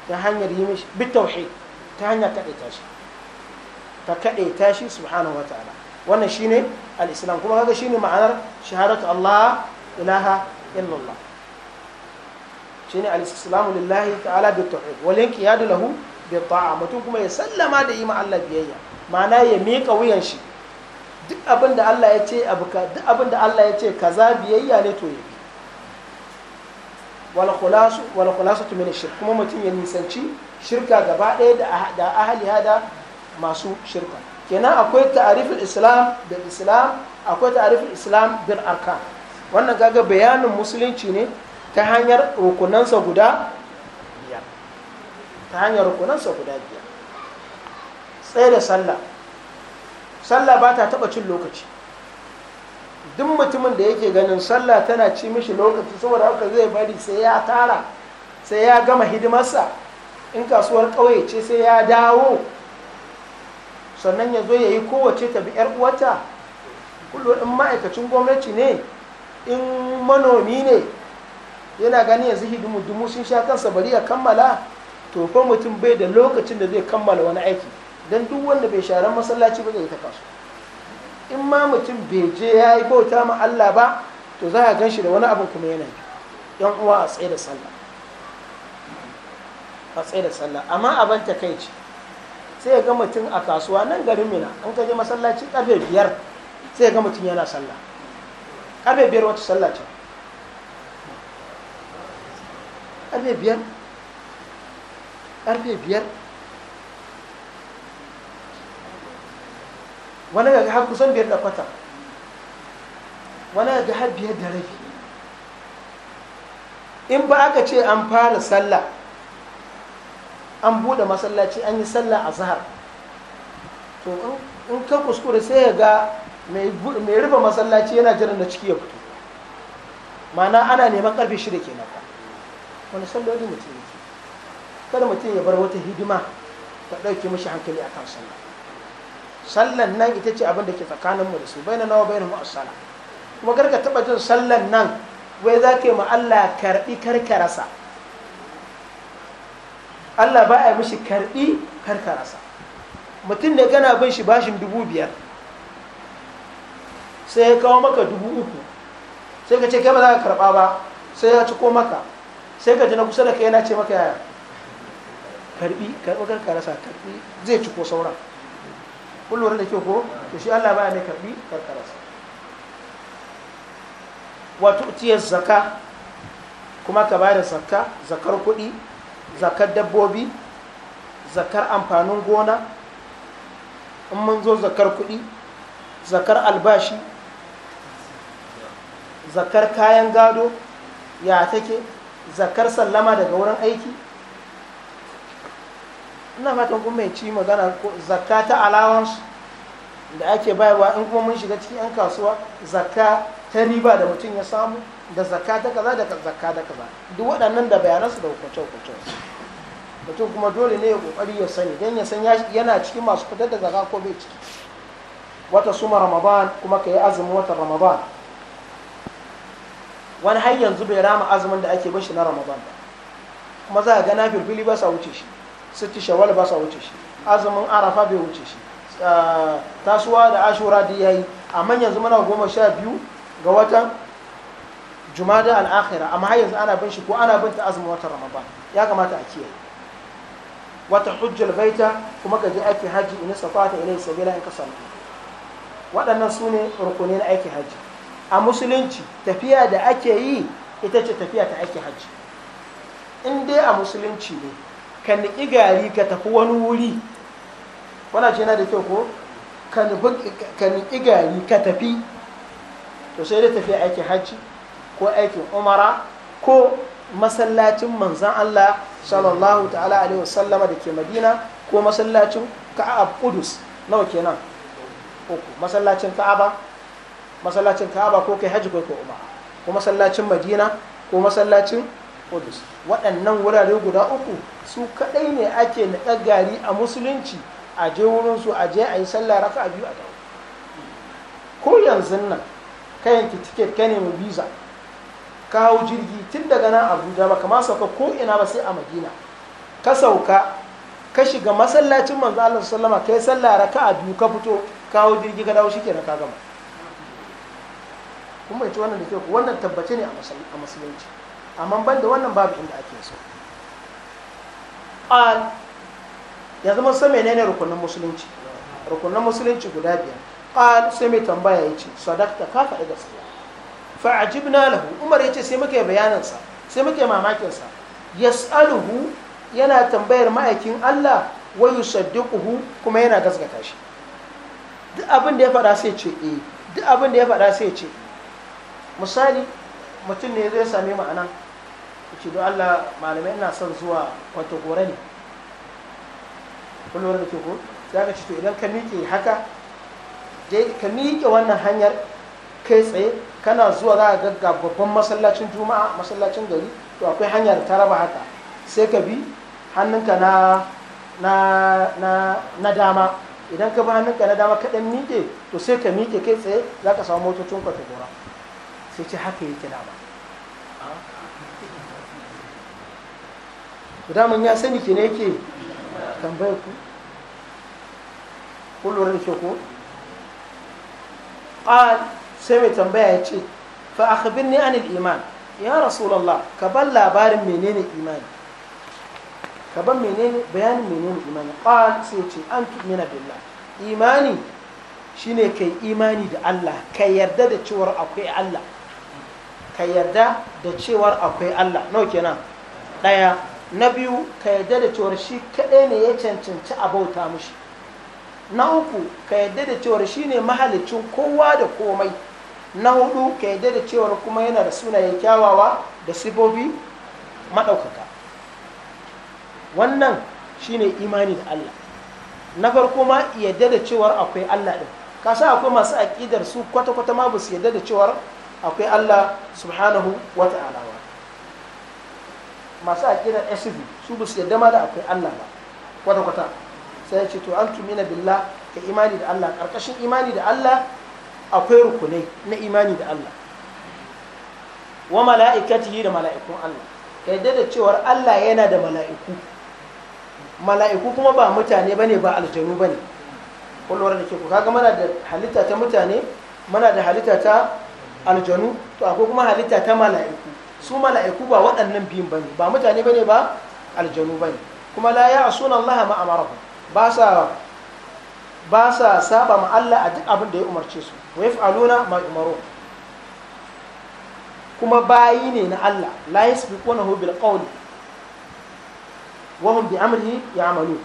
ta hanyar yi mishi bi tauhid ta hanyar kaɗaita shi ta kadaita shi subhanahu wa ta'ala wannan shine al-islam kuma kaga shine ma'anar shahadatu Allah ilaha illallah shine al-islam lillahi ta'ala bi tauhid wal inqiyadu lahu bi ta'a mutum kuma ya sallama da yi ma Allah biyayya ma'ana ya miƙa wuyan shi duk abin da Allah ya ce abu ka duk abin da Allah ya ce kaza biyayya ne to ya wal khulasu wal khulasu min shirk kuma mutum ya nisanci shirka gaba ɗaya da ah, da ahli hada masu shirka kenan akwai ta'arifin islam da islam akwai ta'arifin islam bil arkan wannan kaga bayanin musulunci ne ta hanyar rukunansa guda biyar ta hanyar rukunansa guda biyar tsaye da sallah sallah ba ta taɓa cin lokaci duk mutumin da yake ganin sallah tana ci mishi lokaci saboda haka zai bari sai ya tara sai ya gama hidimarsa in kasuwar ƙauye ce sai ya dawo sannan ya zo ya yi kowace tabi yar uwata kullum in ma'aikacin gwamnati ne in manomi ne yana gani yanzu hidimu dumu sun sha kansa bari ya kammala to fa mutum bai da lokacin da zai kammala wani aiki don duk wanda bai sharan masallaci ba zai ta kasu in ma mutum bai je ya yi bauta ma Allah ba to za a ganshi da wani abin kuma yana yi yan uwa a tsaye da sallah a tsaye da sallah amma abin ta kai ce sai ga mutum a kasuwa nan garin mina an ka masallaci karfe biyar sai ga mutum yana sallah karfe biyar wata sallah ce karfe biyar karfe biyar wani ga har kusan biyar da kwata wani ga har biyar da rabi in ba aka ce an fara sallah an buɗe masallaci an yi sallah a zahar to in ka kuskure sai ya ga mai rufe masallaci yana jiran da ciki ya fito mana ana neman karfe shida ke naka wani salloli mutum yake kada mutum ya bar wata hidima ta ɗauke mashi hankali a kan sallah sallan nan ita ce abin da ke tsakaninmu da su bai na nawa bai na ma'asala kuma karka taba jin sallan nan wai za ka yi ma Allah karbi karkarasa Allah ba a yi mishi karbi karkarasa mutum ne gana bin shi bashin dubu biyar sai ya kawo maka dubu uku sai ka ce kai ba za ka karɓa ba sai ya ciko maka sai ka ji na kusa da kai yana ce maka yaya karɓi karɓi karkarasa karɓi zai ciko sauran kullum da ke ko to shi Allah baya mai karbi su wato tiyar zaka kuma ka bada zakka zakar kuɗi zakar dabbobi zakar amfanin gona in mun zo zakar kuɗi zakar albashi zakar kayan gado ya take zakar sallama daga wurin aiki ina fatan kuma mai ci magana zakka ta alawansu da ake bayarwa in kuma mun shiga cikin 'yan kasuwa zakka ta riba da mutum ya samu da zakka ta kaza da zakka da kaza duk waɗannan da bayanansu da hukunce hukunce mutum kuma dole ne ya kokari ya sani don ya san yana cikin masu fitar da zakka ko bai ciki wata suma ramadan kuma ka yi azumin watan ramadan wani har yanzu bai rama azumin da ake bin shi na ramadan ba kuma za a ga na firfili ba sa wuce shi sitti shawwal ba sa wuce shi azumin arafa bai wuce shi ah, tasuwa da ashura da yayi amma yanzu muna goma sha biyu ga watan jumada al'akhira amma har yanzu ana bin shi ko ana bin ta azumin watan ramadan ya kamata a kiyaye wata hujjal baita kuma ka je aiki haji in safata ilai sabila in ka waɗannan su ne rukuni na aiki haji a musulunci tafiya da ake yi ita ce tafiya ta aiki haji in dai a musulunci ne ka niƙi gari ka tafi wani wuri wana ce na da kyau ko ka niƙi gari ka tafi to sai dai tafi aikin hajji ko aikin umara ko masallacin manzan Allah sallallahu ta'ala alaihi wasallama da ke madina ko masallacin ka'ab kudus nawa kenan uku masallacin ka'aba masallacin ka'aba ko kai hajji ko ko umara ko masallacin madina ko masallacin waɗannan wurare guda uku su kaɗai ne ake naɗa gari a musulunci a je wurinsu a je a yi sallah raka a biyu a dawo ko yanzu nan ka yanki tiket ka nemi visa ka hau jirgi tun daga nan abuja ba kama sauka ko ina ba sai a madina ka sauka ka shiga masallacin manzo Allah sallama kai sallah raka a biyu ka fito ka hau jirgi ka dawo shikenan ka gama kuma ita wannan da ke wannan tabbace ne a musulunci amma ban da wannan babu inda ake so Al ya zama san menene rukunin musulunci rukunin musulunci guda biyar Al sai mai tambaya ce sadaqta ka faɗi gaskiya fa ajibna lahu umar yace sai muke bayanin sa sai muke mamakin sa yas'aluhu yana tambayar ma'aikin Allah wa yusaddiquhu kuma yana gaskata shi duk abin da ya faɗa sai ce eh duk abin da ya faɗa sai ce eh. misali mutum ne zai same mu ce don Allah malamai na son zuwa kwanta gore ne kullum da ke ko za ka ci to idan ka miƙe haka ka miƙe wannan hanyar kai tsaye kana zuwa za ka gagga babban masallacin juma'a masallacin gari to akwai hanyar ta raba haka sai ka bi hannunka na dama idan ka bi hannunka na dama kaɗan miƙe to sai ka miƙe kai tsaye za ka samu motocin kwatagora gora sai ce haka yake dama daman ya sani ki ne ke, tambayar ku kun lura da ke ko qal sai mai tambaya ya ce fa akhbirni anil iman ya rasulullah ka ban labarin menene imani ka ban menene bayanin menene imani qal sai ce an tu'mina billah imani shine kai imani da Allah ka yarda da cewar akwai Allah ka yarda da cewar akwai Allah nawa kenan daya na biyu ka yadda da cewar shi kaɗai ne ya cancanci a bauta mushi na uku ka yadda da cewar shi ne mahalicin kowa da komai na hudu ka yadda da cewar kuma yana da sunayen kyawawa da sibobi maɗaukata wannan shi ne imani da Allah na farko ma yadda da cewar akwai Allah ɗin ka akwai masu aƙidar su kwata-kwata ma ba su yadda da cewar akwai Allah subhanahu wa ta'ala masu aƙidar SV su ba su yarda ma da akwai Allah ba kwata kwata sai ce to an na billah ka imani da Allah karkashin imani da Allah akwai rukunai na imani da Allah wa mala'ikatihi da mala'ikun Allah ka yadda da cewar Allah yana da mala'iku mala'iku kuma ba mutane bane ba aljanu bane kullum da ke ku kaga mana da halitta ta mutane mana da halitta ta aljanu to akwai kuma halitta ta mala'iku su mala'iku ba waɗannan biyun bane ba mutane bane ba aljanu bane kuma la ya sunan Allah ma amarahu ba sa ba sa saba ma Allah a duk abin da ya umarce su wa yaf'aluna ma umaru kuma bayi ne na Allah la yasbiqunahu bil qawli wa hum bi amrihi ya'malun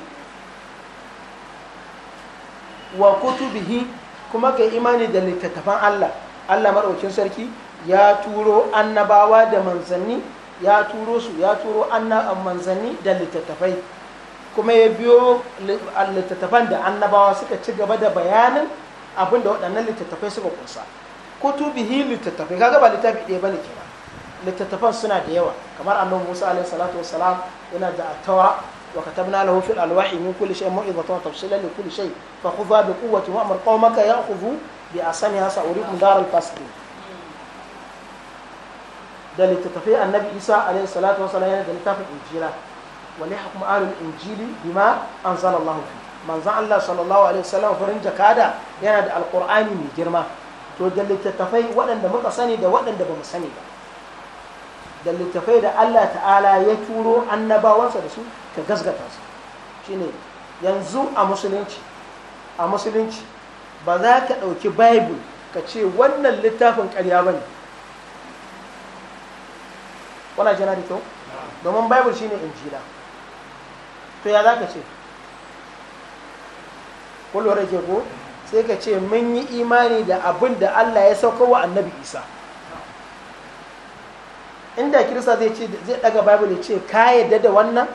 wa kutubihi kuma ga imani da littattafan Allah Allah madaukin sarki ya turo annabawa da manzanni ya turo su ya turo manzanni da littattafai kuma ya biyo littattafan da annabawa suka ci gaba da bayanin abin da waɗannan littattafai suka kunsa kutubihi littattafai kaga ba littafi ɗaya bane kenan littattafan suna da yawa kamar annabi Musa alaihi salatu wassalam yana da attawa wa katabna lahu fil alwahi min kulli shay'in maw'izatan wa tafsilan li kulli shay fa khudha bi quwwati wa amr qaumaka ya'khudhu bi asaniha sa'urikum daral fasiqin da littattafai annabi isa alaihi salatu wasallam yana da littafin injila wani hukum ahlul injili bima anzala Allah fi manzon Allah sallallahu alaihi salam farin jakada yana da alqur'ani mai girma to da littattafai waɗanda muka sani da waɗanda ba mu sani ba da littattafai da Allah ta'ala ya turo annabawansa da su ka gasgata su shine yanzu a musulunci a musulunci ba za ka ɗauki bible ka ce wannan littafin ƙarya ba ne kuna jana da kyau domin bible shine injila to ya zaka ce ko rage ke ko sai ka ce mun yi imani da abin da Allah ya sauka wa annabi Isa inda kirista zai ce zai daga bible ya ce ka yadda da wannan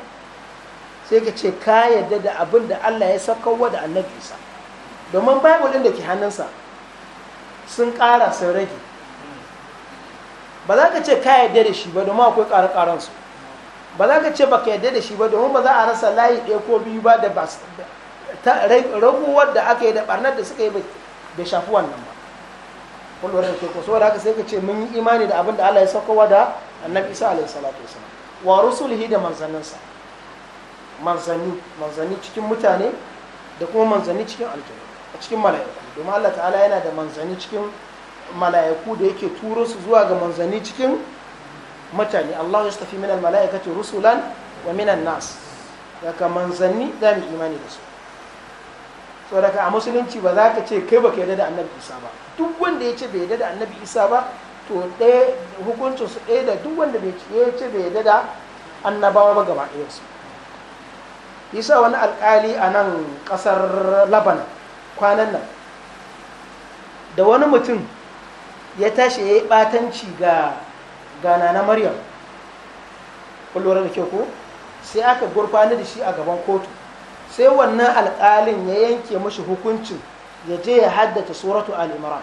sai ka ce ka yadda da abin da Allah ya sauka wa da annabi Isa domin bible din da ke hannunsa sun ƙara sun rage ba za ka ce ka yarda da shi ba domin akwai karan ƙaren su ba za ka ce ba ka yarda da shi ba domin ba za a rasa layi ɗaya ko biyu ba da ba raguwar da aka yi da ɓarnar da suka yi bai shafi wannan ba kullum da ke kusa wadda haka sai ka ce mun yi imani da abin da Allah ya saukowa da annabi Isa alaihi salatu wasallam wa rusulihi da manzanninsa manzanni manzanni cikin mutane da kuma manzanni cikin aljanu a cikin mala'iku domin Allah ta'ala yana da manzanni cikin mala'iku da yake turo su zuwa ga manzani cikin mutane Allah ya tafi minal mala'ikati rusulan wa minan nas daga manzanni za mu imani da su so daga a musulunci ba za ka ce kai ba ka yarda da annabi isa ba duk wanda ya ce bai yarda da annabi isa ba to ɗaya hukuncin su ɗaya da duk wanda bai ce bai yarda da annabawa ba gaba ɗaya su isa wani alƙali a nan ƙasar laban kwanan nan da wani mutum ya tashi ya yi ɓatanci ga gana na maryam kullum da ke ko sai aka gurfani da shi a gaban kotu sai wannan alƙalin ya yanke mashi hukuncin ya je ya haddata suratu al'imran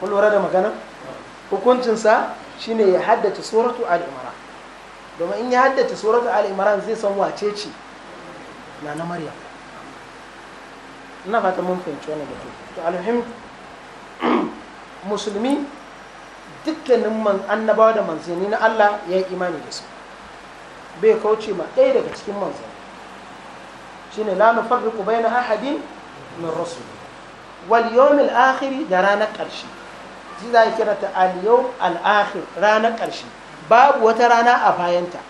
kullum da magana hukuncinsa shi ne ya haddata suratu al'imran domin in ya haddata suratu al'imran zai san wace ce na na maryam ina fata mun fahimci wannan batu to alhim musulmi dukkanin man annabawa da manzanni na Allah ya yi imani da su bai kauce ma ɗaya daga cikin manzanni shine la nufarriqu bayna ahadin min rasul wal yawmil akhir da ranar ƙarshe shi za a kira ta al yawm al akhir ranar ƙarshe babu wata rana a bayanta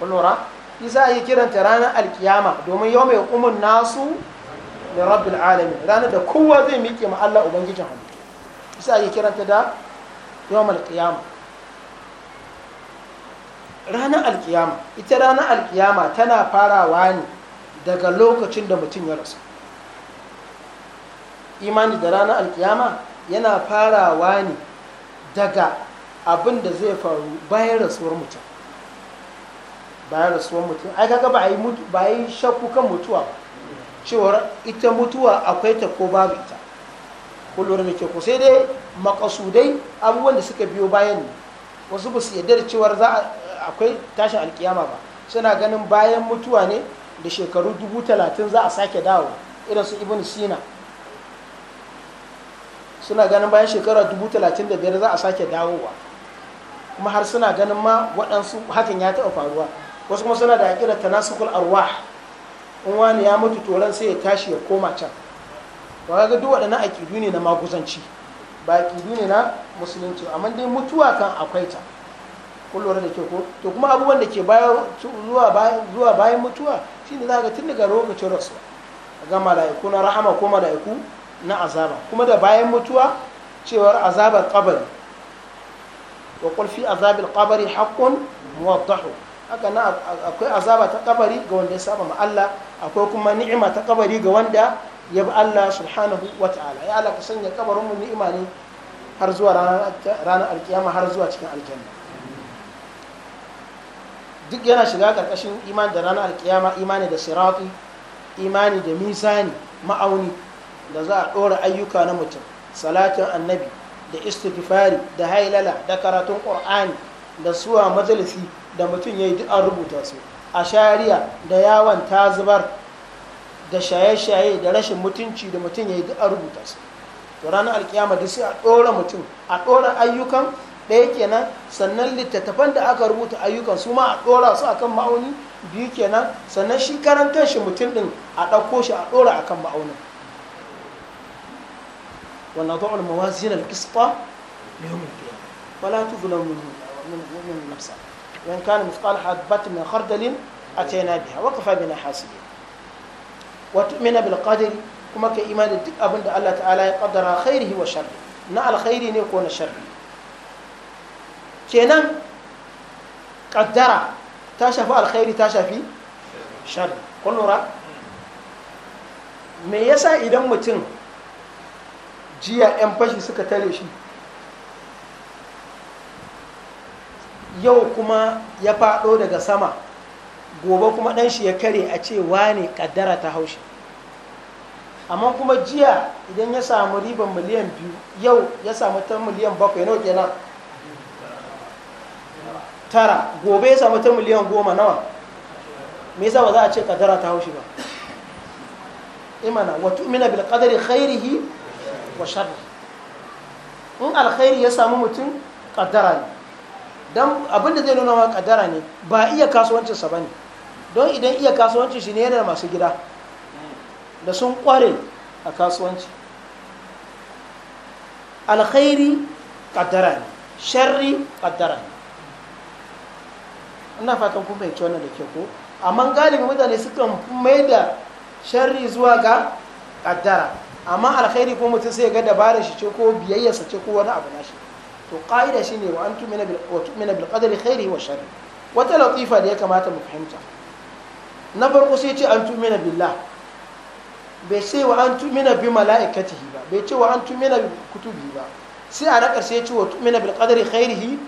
kullura isa yi kiranta ranar alkiyama domin yau mai nasu da rabbil alamin ranar da kowa zai miƙe ma Allah ubangijin hannu bisa ake kiranta da yawon alƙiyama ranar alƙiyama ita ranar alƙiyama tana farawa ne daga lokacin da mutum ya rasu imani da ranar alƙiyama yana farawa ne daga abin da zai faru bayan rasuwar mutum bayan rasuwar mutum ai kaga ba a yi shakku kan mutuwa ba cewar ita mutuwa akwai ta ko babu ita kullum da ke ku sai dai makasudai abubuwan da suka biyo bayan ne wasu ba su yarda da cewar za akwai tashin alkiyama ba suna ganin bayan mutuwa ne da shekaru dubu talatin za a sake dawo irin su ibn sina suna ganin bayan shekara dubu talatin da biyar za a sake dawowa kuma har suna ganin ma waɗansu hakan ya taɓa faruwa wasu kuma suna da akira tanasukul arwah in wani ya mutu toron sai ya tashi ya koma can to kaga duk waɗannan aƙidu ne na maguzanci ba aƙidu ne na musulunci amma dai mutuwa kan akwai ta kullum da ke ko to kuma abubuwan da ke zuwa bayan mutuwa shine za ka tun daga lokacin rasuwa ga mala'iku na rahama ko mala'iku na azaba kuma da bayan mutuwa cewar azabar kabari wa qul fi azabil qabri haqqun muwaddahu haka na akwai azaba ta kabari ga wanda ya saba ma Allah akwai kuma ni'ima ta kabari ga wanda ya bi Allah subhanahu wa ta'ala ya Allah ka sanya kabarin mu ni'ima ne har zuwa ranar alkiyama har zuwa cikin aljanna duk yana shiga karkashin imani da ranar alkiyama imani da sirati imani da misani ma'auni da za a ɗora ayyuka na mutum salatin annabi da istighfari da hailala da karatun qur'ani da suwa majalisi da mutum ya yi duk an rubuta su a shari'a da yawon ta zubar da shaye-shaye da rashin mutunci da mutum ya yi duk an rubuta su to ranar alkiyama da sai a ɗora mutum a ɗora ayyukan ɗaya kenan sannan littattafan da aka rubuta ayyukan su ma a ɗora su akan ma'auni biyu kenan sannan shi karan kanshi mutum ɗin a ɗauko shi a ɗora akan ma'aunin wannan ta'ul fala nafsa وإن كان مثقال حبة من خردل أتينا بها وكفى بنا حاسبين وتؤمن بالقدر كما كإيمان الدك أبن الله تعالى قدر خيره وشره نا الخير يكون شر kenan kaddara ta shafi alkhairi ta shafi shari kun lura me yasa idan mutum jiya 'yan fashi suka tare shi yau kuma ya faɗo daga sama gobe kuma ɗan shi ya kare a ce wane ƙaddara ta haushi amma kuma jiya idan ya samu riban miliyan biyu yau ya samu ta miliyan bakwai nawa kenan tara gobe ya samu ta miliyan goma nawa me yasa ba za a ce ƙaddara ta haushi ba imana eh wa tu'mina bil qadari khairihi wa sharri in alkhairi ya samu mutum ƙaddara ne don abinda zai nuna ma kaddara ne ba iya kasuwancinsa ba ne don idan iya kasuwancin shi ne yana da masu gida da sun kware a kasuwanci alkhairi kaddara ne sharri kaddara ne ina fatan kun fahimci wannan da ke ko amma galibin mutane sukan mai da sharri zuwa ga kaddara amma alkhairi ko mutum sai ga dabarar shi ce ko biyayyarsa ce ko wani abu na shi to ƙa'ida shine wa an tumina bil wa tumina bil qadari khairi wa sharri wata latifa da ya kamata mu fahimta na farko sai ce an tumina billah bai ce wa an tumina bi mala'ikatihi ba bai ce wa an tumina bi kutubi ba sai a na sai ce wa tumina bil qadari khairihi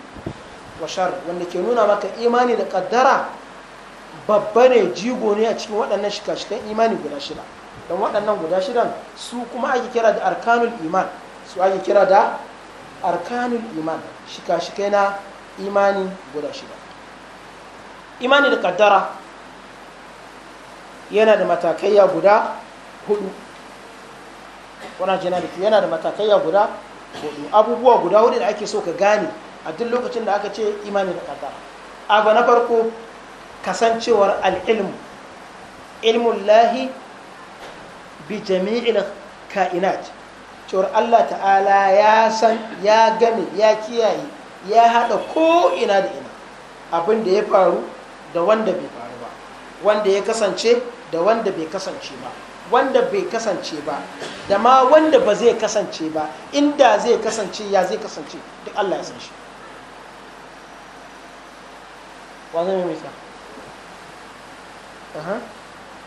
wa shar wanda ke nuna maka imani da kaddara babba ne jigo ne a cikin waɗannan shikashikan imani guda shida don waɗannan guda shidan su kuma ake kira da arkanul iman su ake kira da arkanul iman shika-shikai na imani guda shida imani da kaddara yana da matakaiya guda hudu wana yana da matakaiya guda hudu abubuwa guda hudu da ake so ka gane a duk lokacin da aka ce imani da kaddara abu na farko kasancewar al'ilmu ilmun lahi bi jami'il ka'inat cewar Allah ta'ala ya san ya gani ya kiyaye ya haɗa ko ina da ina abin da ya faru da wanda bai faru ba wanda ya kasance da wanda bai kasance ba wanda bai kasance ba da ma wanda ba zai kasance ba inda zai kasance ya zai kasance duk Allah ya san shi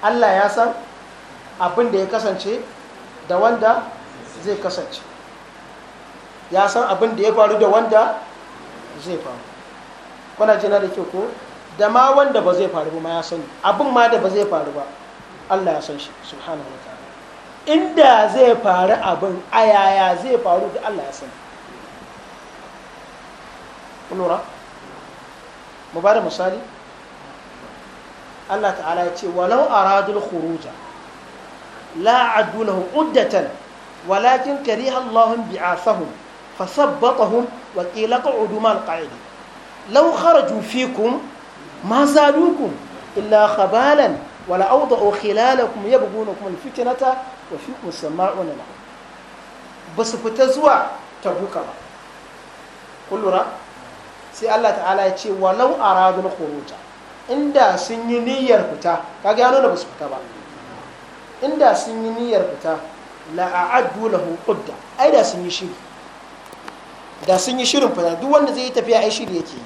Allah ya san abin da ya kasance da wanda zai kasance ya san abin da ya faru da wanda zai faru kuna jina da ke ko da ma wanda ba zai faru ba ma ya sani abin ma da ba zai faru ba Allah ya san shi subhanahu wa ta'ala inda zai faru abin ayaya zai faru da Allah ya sani kulura mu ba da misali Allah ta'ala ya ce walau aradul khuruja la addu lahu uddatan walakin kariha Allahum bi'asahum fasabbatahum wa qila qa'udu ma'al qa'idi law kharaju fikum ma zadukum illa khabalan wala awda'u khilalakum sai Allah ta'ala ya ce walau aradul khuruja inda sun yi niyyar fita fita ba inda sun yi niyyar fita la a'addu lahu qudda ai da sun yi shiri da sun yi shirin fa duk wanda zai yi tafiya ai shiri yake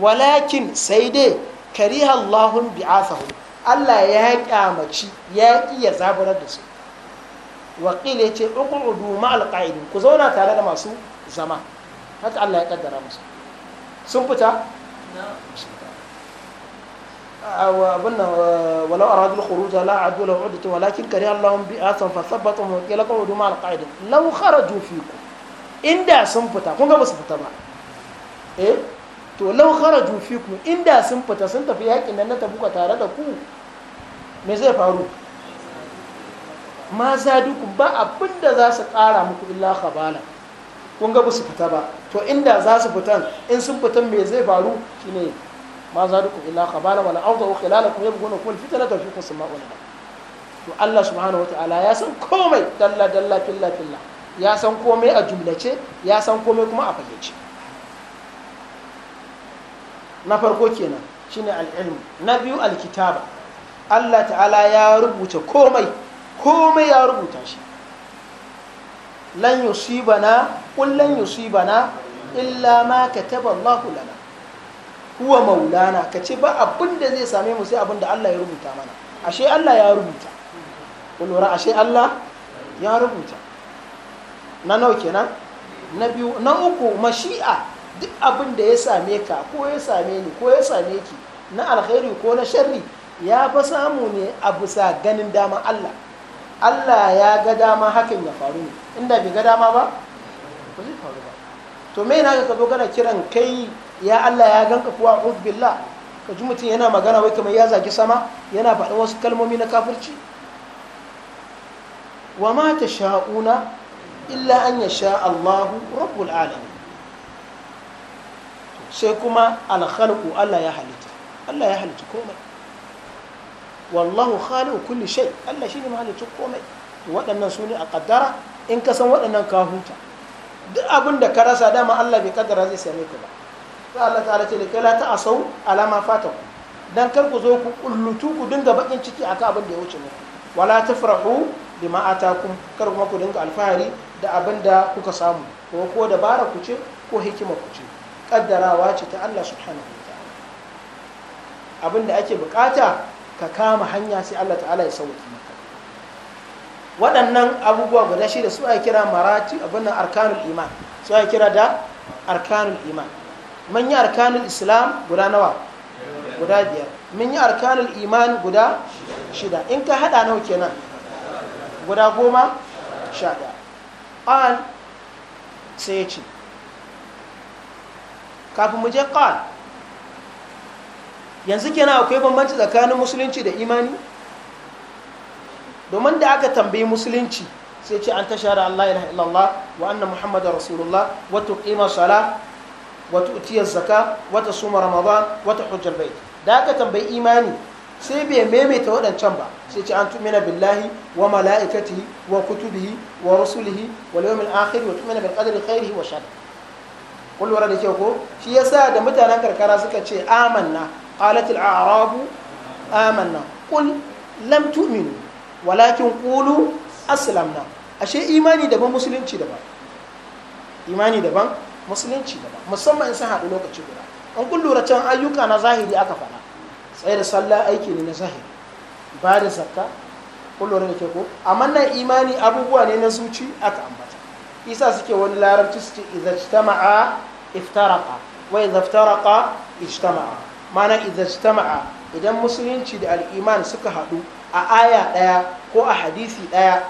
walakin sai dai kariha Allahun bi'athahu Allah ya kyamaci ya iya zaburar da su wakil ya ce uqudu ma'al qa'idin ku zauna tare da masu zama haka Allah ya kaddara musu sun fita abin nan walau aradul khuruj la adu lahu bi asan wa qila law kharaju inda sun fita kun ga ba su fita ba eh to law kharaju inda sun fita sun tafi yakin nan na tabuka tare da ku me zai faru ma zadukum ba abin da za su muku illa khabala kun ga ba su fita ba to inda za su in sun fitan me zai faru shine ma zadukum illa khabala wala awdahu khilalakum yabghunakum alfitnata fi qism ma'una to Allah subhanahu wataala ya san komai dalla dalla filla filla ya san komai a jumlace ya san komai kuma a fayyace na farko kenan shine al-ilm na biyu al-kitaba Allah ta'ala ya rubuta komai komai ya rubuta shi lan yusibana qul lan yusibana illa ma kataba Allahu lana huwa maulana ka ce ba abin da zai same mu sai abin da Allah ya rubuta mana ashe Allah ya rubuta kullura ashe Allah ya rubuta na nawa kenan na biyu na uku mashi'a duk abin da ya same ka ko ya same ni ko ya same ki na alkhairi ko na sharri ya fa samu ne a bisa ganin dama Allah Allah ya ga dama hakan ya faru ne inda bai ga dama ba ba zai faru ba to me na ka zo kana kiran kai ya Allah ya ganka kuwa a'udhu billah ka ji mutum yana magana wai kamar ya zagi sama yana faɗa wasu kalmomi na kafirci wa ma sha'una illa an ya sha Allahu rabbul alamin sai kuma alkhalqu Allah ya halitta Allah ya halitta komai wallahu khaliqu kulli shay Allah shine mahalicci komai waɗannan su ne a kaddara in ka san waɗannan ka huta duk abin da ka rasa dama Allah bai kaddara zai same ka ba sai Allah ta'ala ce kai la ta'asau alama fatan dan kar ku zo ku kullutu ku dinga bakin ciki akan abin da ya wuce muku wala tafrahu bima atakum kar kuma ku dinga alfahari da abin da kuka samu ko ko dabara ku ce ko hikima ku ce kaddarawa ce ta Allah subhanahu Ta'ala. abin da ake bukata ka kama hanya sai Allah ta'ala ya sauki maka waɗannan abubuwa guda shi da su ake kira marati abin nan arkanul iman su ake kira da arkanul iman mun yi arkanul islam guda nawa guda biyar mun yi arkanul iman guda shida in ka hada nawa kenan guda goma sha ɗaya sai ya ce kafin mu je ƙal yanzu kenan akwai bambanci tsakanin musulunci da imani domin da aka tambayi musulunci sai ce an tashara Allah ilaha illallah wa anna muhammadar rasulullah wa tuqima sala Wata tu'tiyaz zaka wata suma ramadan wata tahujjal bait da aka tambayi imani sai bai ta waɗancan ba sai ce an tumina billahi wa mala'ikatihi wa kutubihi wa rusulihi wa yawmil akhir wa tumina bil qadri wa sharri kun da kyau ko shi yasa da mutanen karkara suka ce amanna qalatil a'rabu amanna qul lam tu'minu walakin qulu aslamna ashe imani daban musulunci daban imani daban musulunci daban musamman in sun haɗu lokaci guda an kun lura can ayyuka na zahiri aka faɗa sai da sallah aiki ne na zahiri ba da zakka kun lura da ke ko amma nan imani abubuwa ne na zuci aka ambata isa suke wani larabci su ce idza ijtama'a iftaraqa wa idza iftaraqa ijtama'a mana idza ijtama'a idan musulunci da al'iman suka haɗu a aya ɗaya ko a hadisi ɗaya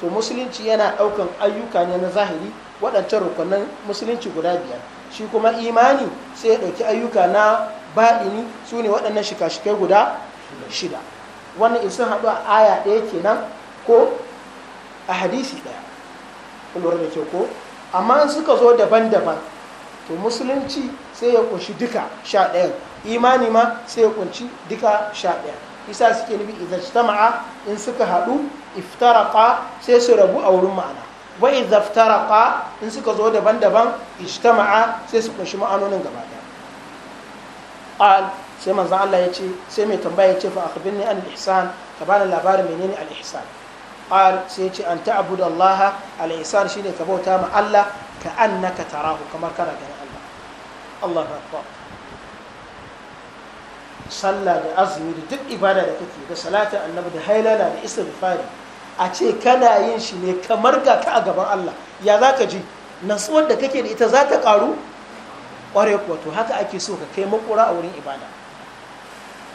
to musulunci yana ɗaukan ayyuka ne na zahiri waɗancan rukunan musulunci guda biyar shi kuma imani sai ya ɗauki ayyuka na ba'ini su ne waɗannan shika-shikai guda shida wannan isin haɗu a aya ɗaya kenan ko a hadisi ɗaya kulwar da ke ko amma in suka zo daban-daban to musulunci sai ya kunshi duka sha ɗaya imani ma sai ya kunshi duka sha ɗaya isa suke nufi idan in suka haɗu iftara sai su rabu a wurin ma'ana wa idza in suka zo daban-daban ijtama'a sai su kunshi ma'anonin gaba daya qal sai manzon Allah ya ce sai mai tambaya ya ce fa akhbirni an ihsan ka bani labarin menene al-ihsan qal sai ya ce an ta'budu Allah al-ihsan shine ka bauta ma Allah ka annaka tarahu kamar kana ganin Allah Allah akbar sallah da azumi da duk ibada da kake da salata annabi da hailala da istighfari a ce kana yin shi ne kamar ga ka a gaban Allah ya za ka ji su da kake da ita za ta ƙaru ƙware kuwa to haka ake so ka kai makura a wurin ibada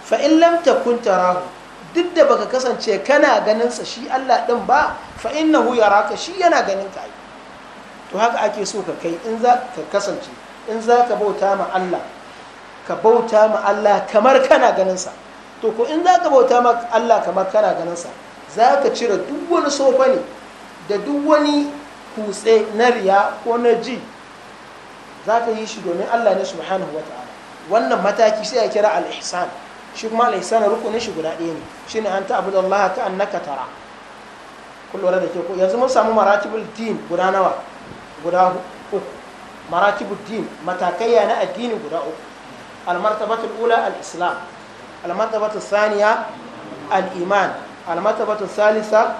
fa in lam takun tarahu duk da baka kasance kana ganin sa shi Allah din ba fa innahu yaraka shi yana ganin ka to haka ake so ka kai in za ka kasance in za ka bauta ma Allah ka bauta ma Allah kamar kana ganin sa to ko in za ka bauta ma Allah kamar kana ganin sa za ka cire duk wani sofani da duk wani kutse na riya ko na ji za ka yi shi domin Allah ne subhanahu wa ta'ala wannan mataki sai ya kira al-ihsan shi kuma al-ihsan rukunin shi guda ɗaya ne shine an ta'budu Allah ka annaka tara kun lura da ke ko yanzu mun samu maratibul din guda nawa guda uku maratibul din matakaiya na addini guda uku al-martabatul ula al-islam al-martabatul thaniya al-iman almartabatu salisa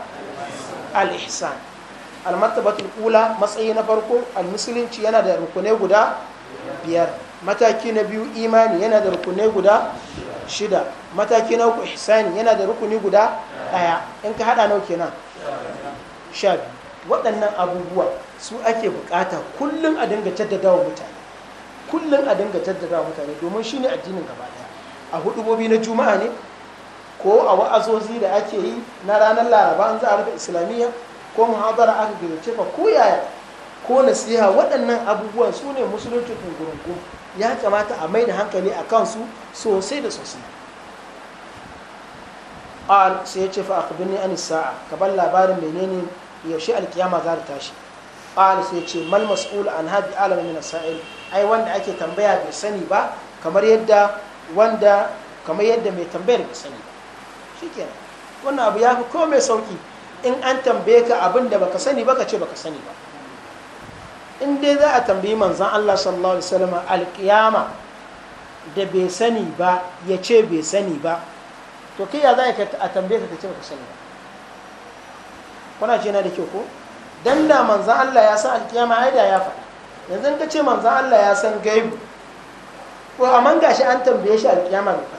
al-ihsan almartabatu ula matsayi na farko almusulunci yana da rukunai guda biyar mataki na biyu imani yana da rukunai guda shida mataki na uku ihsani yana da rukuni guda ɗaya in ka hada nau kenan sha biyu waɗannan abubuwa su ake bukata kullun a dinga jaddada wa mutane kullum a dinga jaddada wa mutane domin shine addinin gaba daya a hudubobi na juma'a ne ko a wa'azozi da ake yi na ranar laraba an za a rufe islamiyya ko muhadara aka gayyace fa ko yaya ko nasiha waɗannan abubuwan su ne musulunci ɗungurungun ya kamata a mai da hankali a kansu sosai da sosai al sai ya ce fa akhbirni an sa'a ka bar labarin menene yaushe alkiyama za ta tashi al sai ya ce mal mas'ul an hadi alam min sa'il ai wanda ake tambaya bai sani ba kamar yadda wanda kamar yadda mai tambayar bai sani shikenan wannan abu ya fi komai sauki in an tambaye ka abin da baka sani baka ce baka sani ba in dai za a tambayi manzan Allah sallallahu alaihi wasallam alkiyama da bai sani ba ya ce bai sani ba to kai ya za a tambaye ka ce baka sani ba kuna ce na da kyau ko dan da manzan Allah ya san alkiyama ai da ya faɗa yanzu ka ce manzan Allah ya san gaibu ko amma gashi an tambaye shi alkiyama bai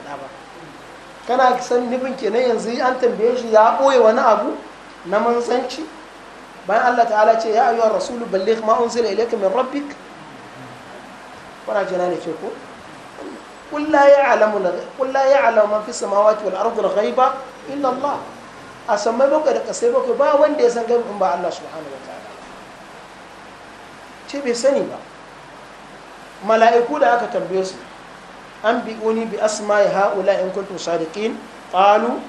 kana san nufin kenan yanzu an tambaye shi ya ɓoye wani abu na manzanci bayan Allah ta'ala ce ya ayyuhar rasulu kuma an zira ilayka min rabbik kuna jina da ke ko قل ya alamu قل لا يعلم من في السماوات والارض Allah A san اسمى بك da kasai bakwai ba wanda ya san gaibi in ba Allah subhanahu wataala ce bai sani ba mala'iku da aka tambaye su أنبئوني بأسماء هؤلاء إن كنتم Sadiqin, قالوا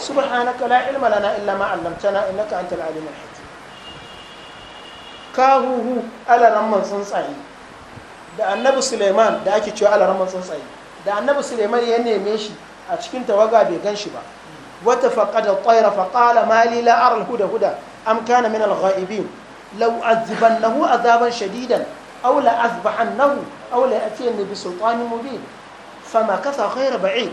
سبحانك لا ilma لنا إلا ما allamtana إنك أنت العليم الحكيم كاهوه على رمان سنسعي da annabi suleiman da ake cewa alaraman tsuntsaye da annabi suleiman ya neme shi a cikin tawaga bai gan shi ba wata faƙada ƙwaira faƙala mali la'ar huda huda am kana min al-ghaibin law azaban nahu azaban shadidan aw la azbahannahu aw la atiyani bi sultanin mubin فما كثر غير بعيد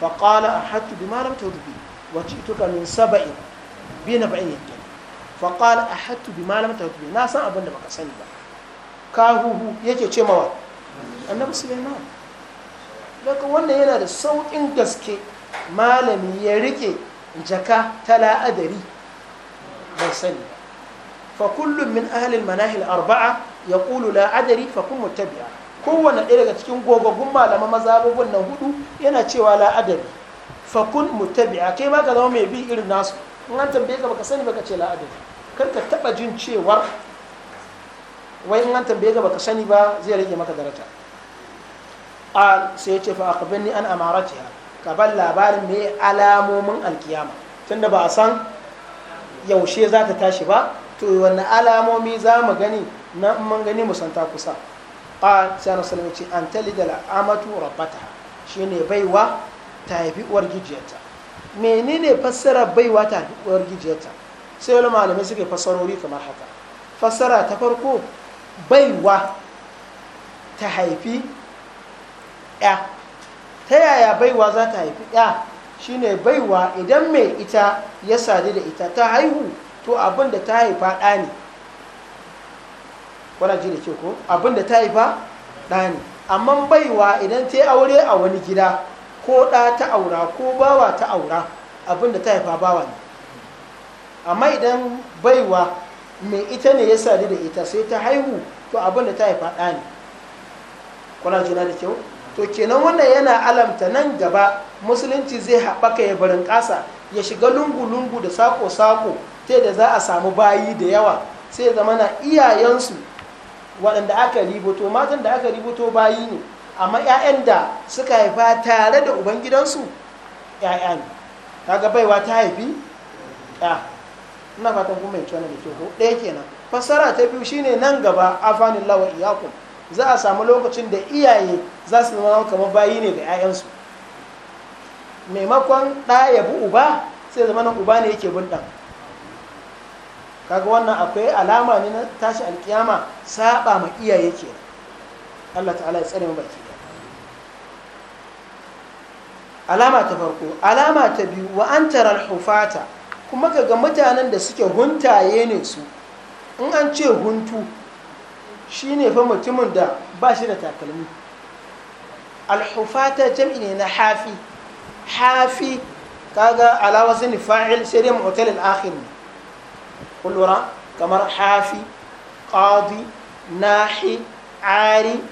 فقال احدت بما لم تهدي وجئتك من سبع بين بعيدين فقال احدت بما لم تهدي ناسا ابن ما كسني كاهو يجي تشي ماوا النبي سليمان لكن وانا هنا ده صوت ان غسكي مالمي يا ريكي جكا تلا ادري بسني فكل من اهل المناهي الاربعه يقول لا ادري فكن متبعه kowane ɗaya daga cikin gogaggun malaman mazhabobin nan hudu yana cewa la adabi fakun mutabi'a kai ma ka zama mai bi irin nasu in an tambaye ka baka sani baka ce la kar ka taba jin cewar wai in an tambaye ka baka sani ba zai rage maka daraja qal sai ya ce fa akhbirni an amaratiha ka bar labarin me alamomin alkiyama tunda ba a san yaushe za ta tashi ba to wanne alamomi za mu gani na mun gani mu san ta kusa qal sai annabi sallallahu alaihi wasallam an talida al'amatu rabbataha shine baiwa ta haifi uwar menene fassara baiwa ta haifi uwar gijiyarta sai wani malamai suke fassarori kamar haka fassara ta farko baiwa ta haifi ya ta yaya baiwa za ta haifi ya ne baiwa idan mai ita ya sadu da ita ta haihu to abinda ta haifa ɗa ne kuna ji da ke ko abin da ta haifa ɗa ne amma baiwa idan ta yi aure a wani gida ko ɗa ta aura ko bawa ta aura abin da ta haifa bawa ne amma idan baiwa mai ita ne ya sadu da ita sai ta haihu to abin da ta haifa ɗa ne kuna jina da kyau to kenan wannan yana alamta nan gaba musulunci zai haɓaka ya barin ƙasa ya shiga lungu-lungu da sako-sako ta da za a samu bayi da yawa sai zama na iyayensu waɗanda aka riboto matan da aka riboto bayi ne amma 'ya'yan da suka haifa tare da ubangidansu 'ya'ya ne kaga baiwa ta haifi ya ina fatan kuma yanci wani da ke ko ɗaya kenan fassara ta biyu shine nan gaba afanin lawa iyakun za a samu lokacin da iyaye za su zama kamar bayi ne ga 'ya'yansu maimakon ɗaya ya uba sai zama nan uba ne yake bin kaga wannan akwai alama ne na tashi alkiyama saba ma iyaye ke Allah ta'ala ya tsare mu baki alama ta farko alama ta biyu wa an tarar kuma kaga mutanen da suke huntaye ne su in an ce huntu shine fa mutumin da ba shi da takalmi alhufata jam'i ne na hafi hafi kaga alawa sun fa'il sai dai mu'tal al-akhir kullura kamar hafi qadi nahi ari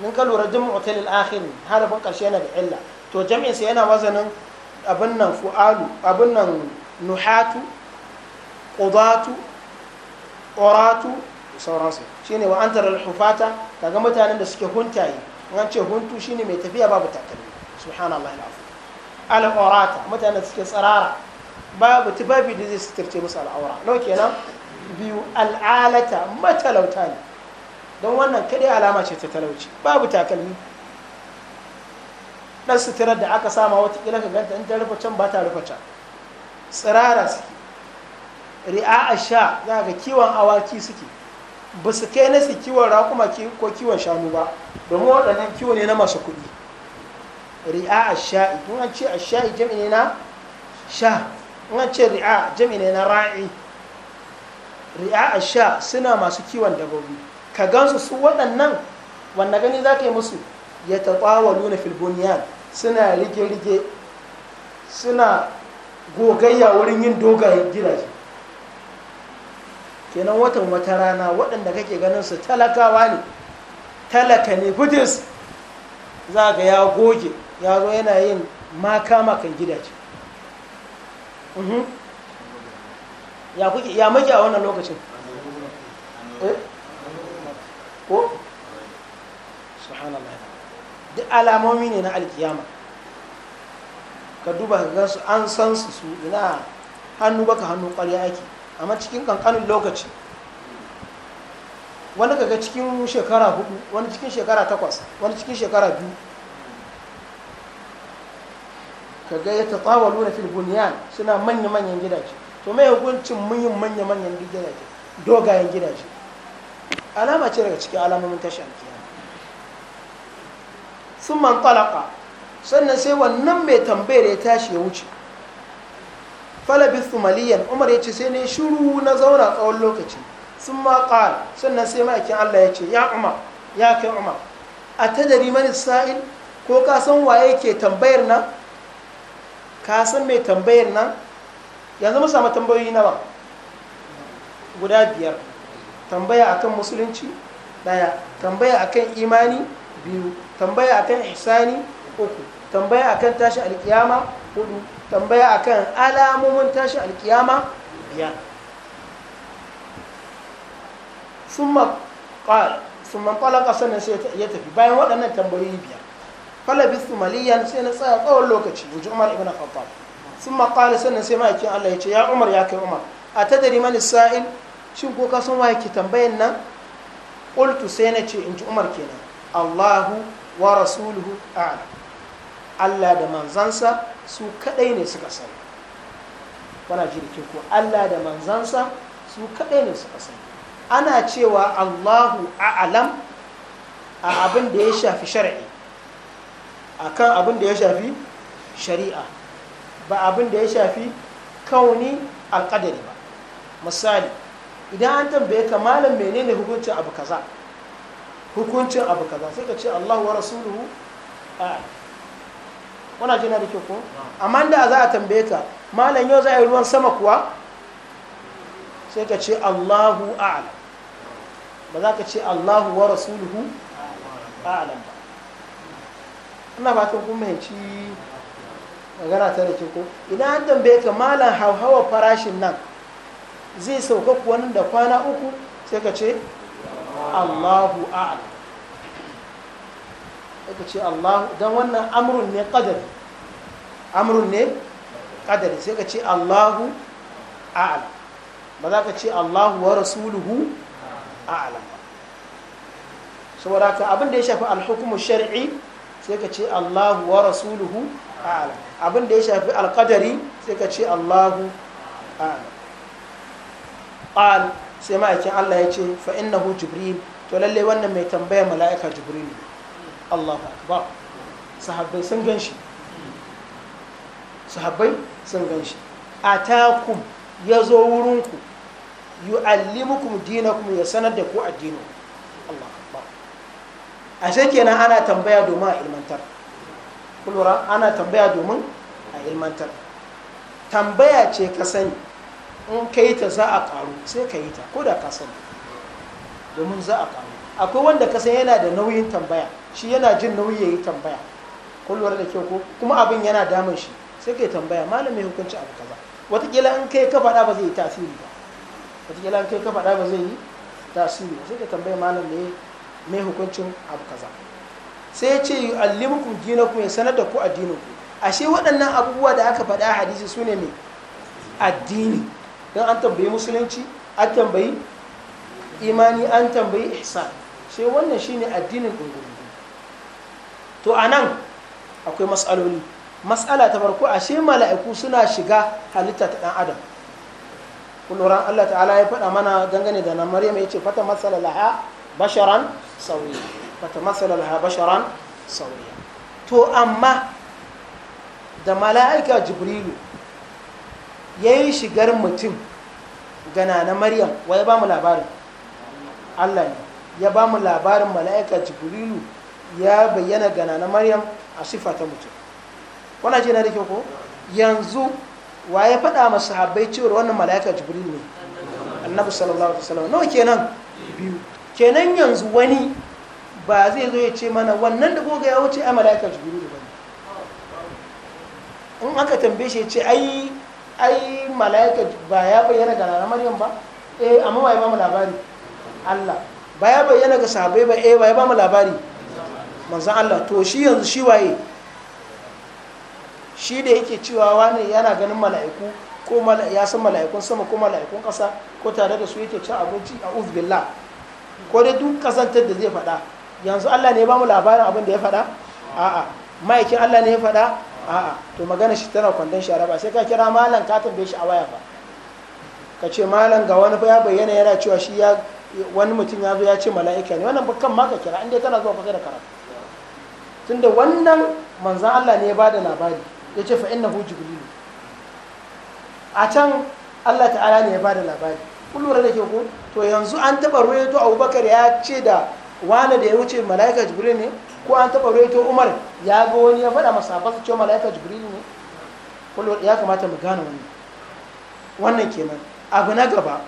mun ka lura jam'u otel akhir harafin karshe yana da illa to jam'in sa yana wazanin abin nan fu'alu abin nan nuhatu qudatu quratu sauransu shine wa antar al-hufata kaga mutanen da suke huntaye an ce huntu shine mai tafiya babu takalmi subhanallahi al-azim al mutanen da suke tsarara babu tufafi da zai suturce musu al'aura nau kenan biyu al'alata matalauta ne don wannan kadai alama ce ta talauci babu takalmi dan suturar da aka sama wata ka ganta in ta rufa can ba ta rufa can tsirara suke ri'a a sha za ga kiwon awaki suke ba su kai na kiwon rakuma ko kiwon shanu ba domin waɗannan kiwo ne na masu kuɗi ri'a a sha'i tun an ce a sha'i jami'i na sha ce ri'a jami ne na ra'i ri'a a sha suna masu kiwon dabobi ka gansu su waɗannan wanda gani za ka yi musu ya taɓawa nuna filboniyan suna rige-rige suna gogayya wurin yin dogayen gidaje kenan watan wata rana waɗanda kake ganin su talakawa ne talaka ne budis za ga ya goge ya zo yana yin maka makan gidaje Mhm. ya kuke ya maki a wannan lokacin eh? ko subhanallah duk alamomi ne na alkiyama ka duba ka an san su su ina hannu baka hannu ƙwarya ake amma cikin kankanin lokaci wani kaga cikin shekara hudu wani cikin shekara takwas wani cikin shekara biyu kaga ya tatawaluna fil bunyan suna manya manyan gidaje to mai hukuncin mun yi manya manyan gidaje dogayen gidaje alama ce daga cikin alamomin tashar kiya sun man talaka sannan sai wannan mai tambayar ya tashi ya wuce falabistu maliyan umar ya ce sai ne shuru na zauna tsawon lokaci sun ma ƙal sannan sai ma'aikin allah ya ce ya umar ya kai umar a tadari mani sa'il ko ka san waye ke tambayar na ka san mai tambayar nan yanzu mun samu tambayoyi nawa guda biyar tambaya akan musulunci daya tambaya akan imani biyu tambaya akan ihsani uku tambaya akan tashi alkiyama hudu tambaya akan alamomin tashi alkiyama biyar sun maƙal sun maƙalar ƙasar nan sai ya tafi bayan waɗannan tambayoyi biyar falabistu maliyan sai na tsaya tsawon lokaci buji umar ibn khattab sun maƙali sannan sai ma'aikin allah ya ce ya umar ya kai umar a ta dari mani Sa'in shin ko ka san waye ki tambayan nan ƙultu sai na ce in ji umar kenan allahu wa rasuluhu a'lam allah da manzansa su kaɗai ne suka sani wana ji da ko allah da manzansa su kaɗai ne suka sani ana cewa allahu a'lam a abin da ya shafi shari'i akan abin da ya shafi shari'a ba abin da ya shafi kauni alƙadari ba misali idan an tambaye ka malam menene hukuncin abu kaza hukuncin abu kaza sai ka ce Allah wa rasuluhu a wana jina da ke ko amma da za a tambaye ka malam yau za a yi ruwan sama kuwa sai ka ce Allahu a'lam ba za ka ce Allahu wa rasuluhu a'lam ba ina fatan kun mahimci magana ta da ke ko idan an tambaye ka malam hauhawa farashin nan zai sauka kuwa nan da kwana uku sai ka ce allahu a'ala sai ka ce allahu don wannan amrun ne kadari amrun ne kadari sai ka ce allahu a'ala ba za ka ce allahu wa rasuluhu a'ala saboda ka abin da ya shafi alhukumu shari'i sai ka ce Allahu wa rasuluhu a'lam abin da ya shafi alqadari sai ka ce Allahu a'lam qal sai ma'aikin Allah ya ce fa innahu jibril to lalle wannan mai tambaya mala'ika jibril ne Allahu akbar sahabbai sun ganshi sahabbai sun ganshi atakum yazo wurinku yu'allimukum dinakum ya sanar da ku addinu Allah ashe kenan ana tambaya domin a ilmantar kulura ana tambaya domin a ilmantar tambaya ce ka sani in ka yi ta za a karu sai ka yi ta ko da ka sani domin za a karu akwai wanda ka san yana da nauyin tambaya shi yana jin nauyi ya yi tambaya kulura da kyau ko kuma abin yana damun shi sai ka yi tambaya malamin hukunci abu kaza watakila in kai ka faɗa ba zai yi tasiri ba watakila in kai ka faɗa ba zai yi tasiri ba sai ka tambaya malam ne mai hukuncin abu kaza sai ya ce gina dinakum ya sanar da ku addininku ashe waɗannan abubuwa da aka faɗa a hadisi su ne mai addini don an tambayi musulunci an tambayi imani an tambayi ihsan sai wannan shine addinin ɗungurugu to a nan akwai matsaloli matsala ta farko ashe mala'iku suna shiga halitta ta ɗan adam kuluran allah ta'ala ya faɗa mana dangane da na maryam ya ce fata matsala laha basharan sauriya wata matsalar habasharan sauriya to amma da mala'ika jibrilu ya yi shigar mutum gana na maryam wa ya ba mu labarin allah ne ya ba mu labarin mala'ika jibrilu ya bayyana gana na maryam a sifa ta mutum wana ce na da ko yanzu wa ya faɗa masu habai cewar wannan mala'ika jibrilu ne annabi sallallahu alaihi wasallam nawa kenan biyu kenan yanzu wani ba zai zo ya ce mana wannan da goga ya wuce a mala'ikar da ba in aka tambaye shi ya ce ai ai mala'ika ba ya bayyana ga nana maryam ba eh amma ba ya ba mu labari Allah ba ya bayyana ga sahabbai ba eh ba ya ba mu labari manzon Allah to shi yanzu shi waye shi da yake cewa wani yana ganin mala'iku ko ya san mala'ikun sama ko mala'ikun ƙasa ko tare da su yake cin abinci a uzbillah ko dai duk kasantar da zai faɗa yanzu Allah ne ya mu labarin abin da ya faɗa a'a ma'aikin Allah ne ya faɗa a'a to magana shi tana kwandon shara ba sai ka kira malam ka tambaye shi a waya ba ka ce malam ga wani ya bayyana yana cewa shi ya wani mutum ya zo ya ce mala'ika ne wannan bakan ma ka kira inda tana zuwa kusa da karatu tunda wannan manzan Allah ne ya ba da labari ya ce fa hu jibrilu a can Allah ta'ala ne ya ba da labari kun lura da ke ko to yanzu an taɓa ruwaito abubakar ya ce da wane da ya wuce mala'ika jibril ne ko an taɓa ruwaito umar ya ga wani ya faɗa masa ba su ce mala'ika jibril ne ya kamata mu gane wannan wannan kenan abu na gaba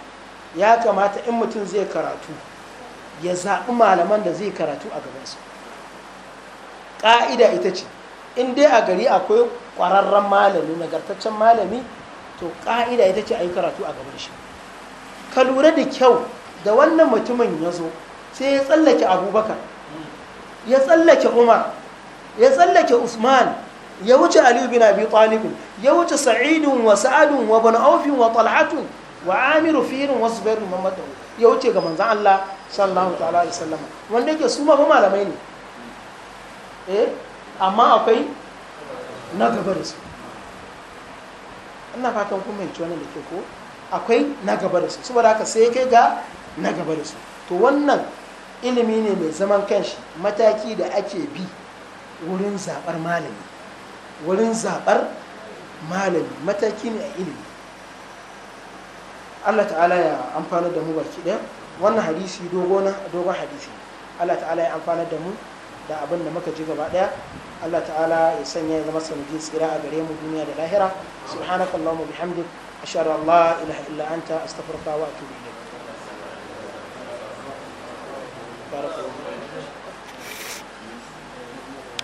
ya kamata in mutum zai karatu ya zaɓi malaman da zai karatu a gabansu ƙa'ida ita ce in dai a gari akwai ƙwararren malami nagartaccen malami to ƙa'ida ita ce a yi karatu a gaban shi ka lura da kyau da wannan mutumin ya zo sai ya tsallake abubakar ya tsallake umar ya tsallake usman ya wuce aliyu bin abi talibin ya wuce sa'idun wa sa'adun wa bin aufin wa talhatun wa amiru firin wa zubairu Mamadu ya wuce ga manzan allah sallallahu ta'ala alaihi sallama wanda yake su ma malamai ne eh amma akwai na gaba da su ina fatan kuma yanci wani da ke ko akwai na gaba da su saboda haka sai kai ga na gaba da su to wannan ilimi ne mai zaman kanshi mataki da ake bi wurin zaɓar malami wurin zaɓar malami mataki ne a ilimi Allah ta'ala ya amfana da mu baki ɗaya wannan hadisi dogon hadisi Allah ta'ala ya amfana da mu da abin da muka ji gaba ɗaya Allah ta'ala ya sanya ya zama sanadi tsira a gare mu duniya da lahira subhanakallahu bihamdik أشهد أن لا إله إلا أنت أستغفرك وأتوب إليك بارك الله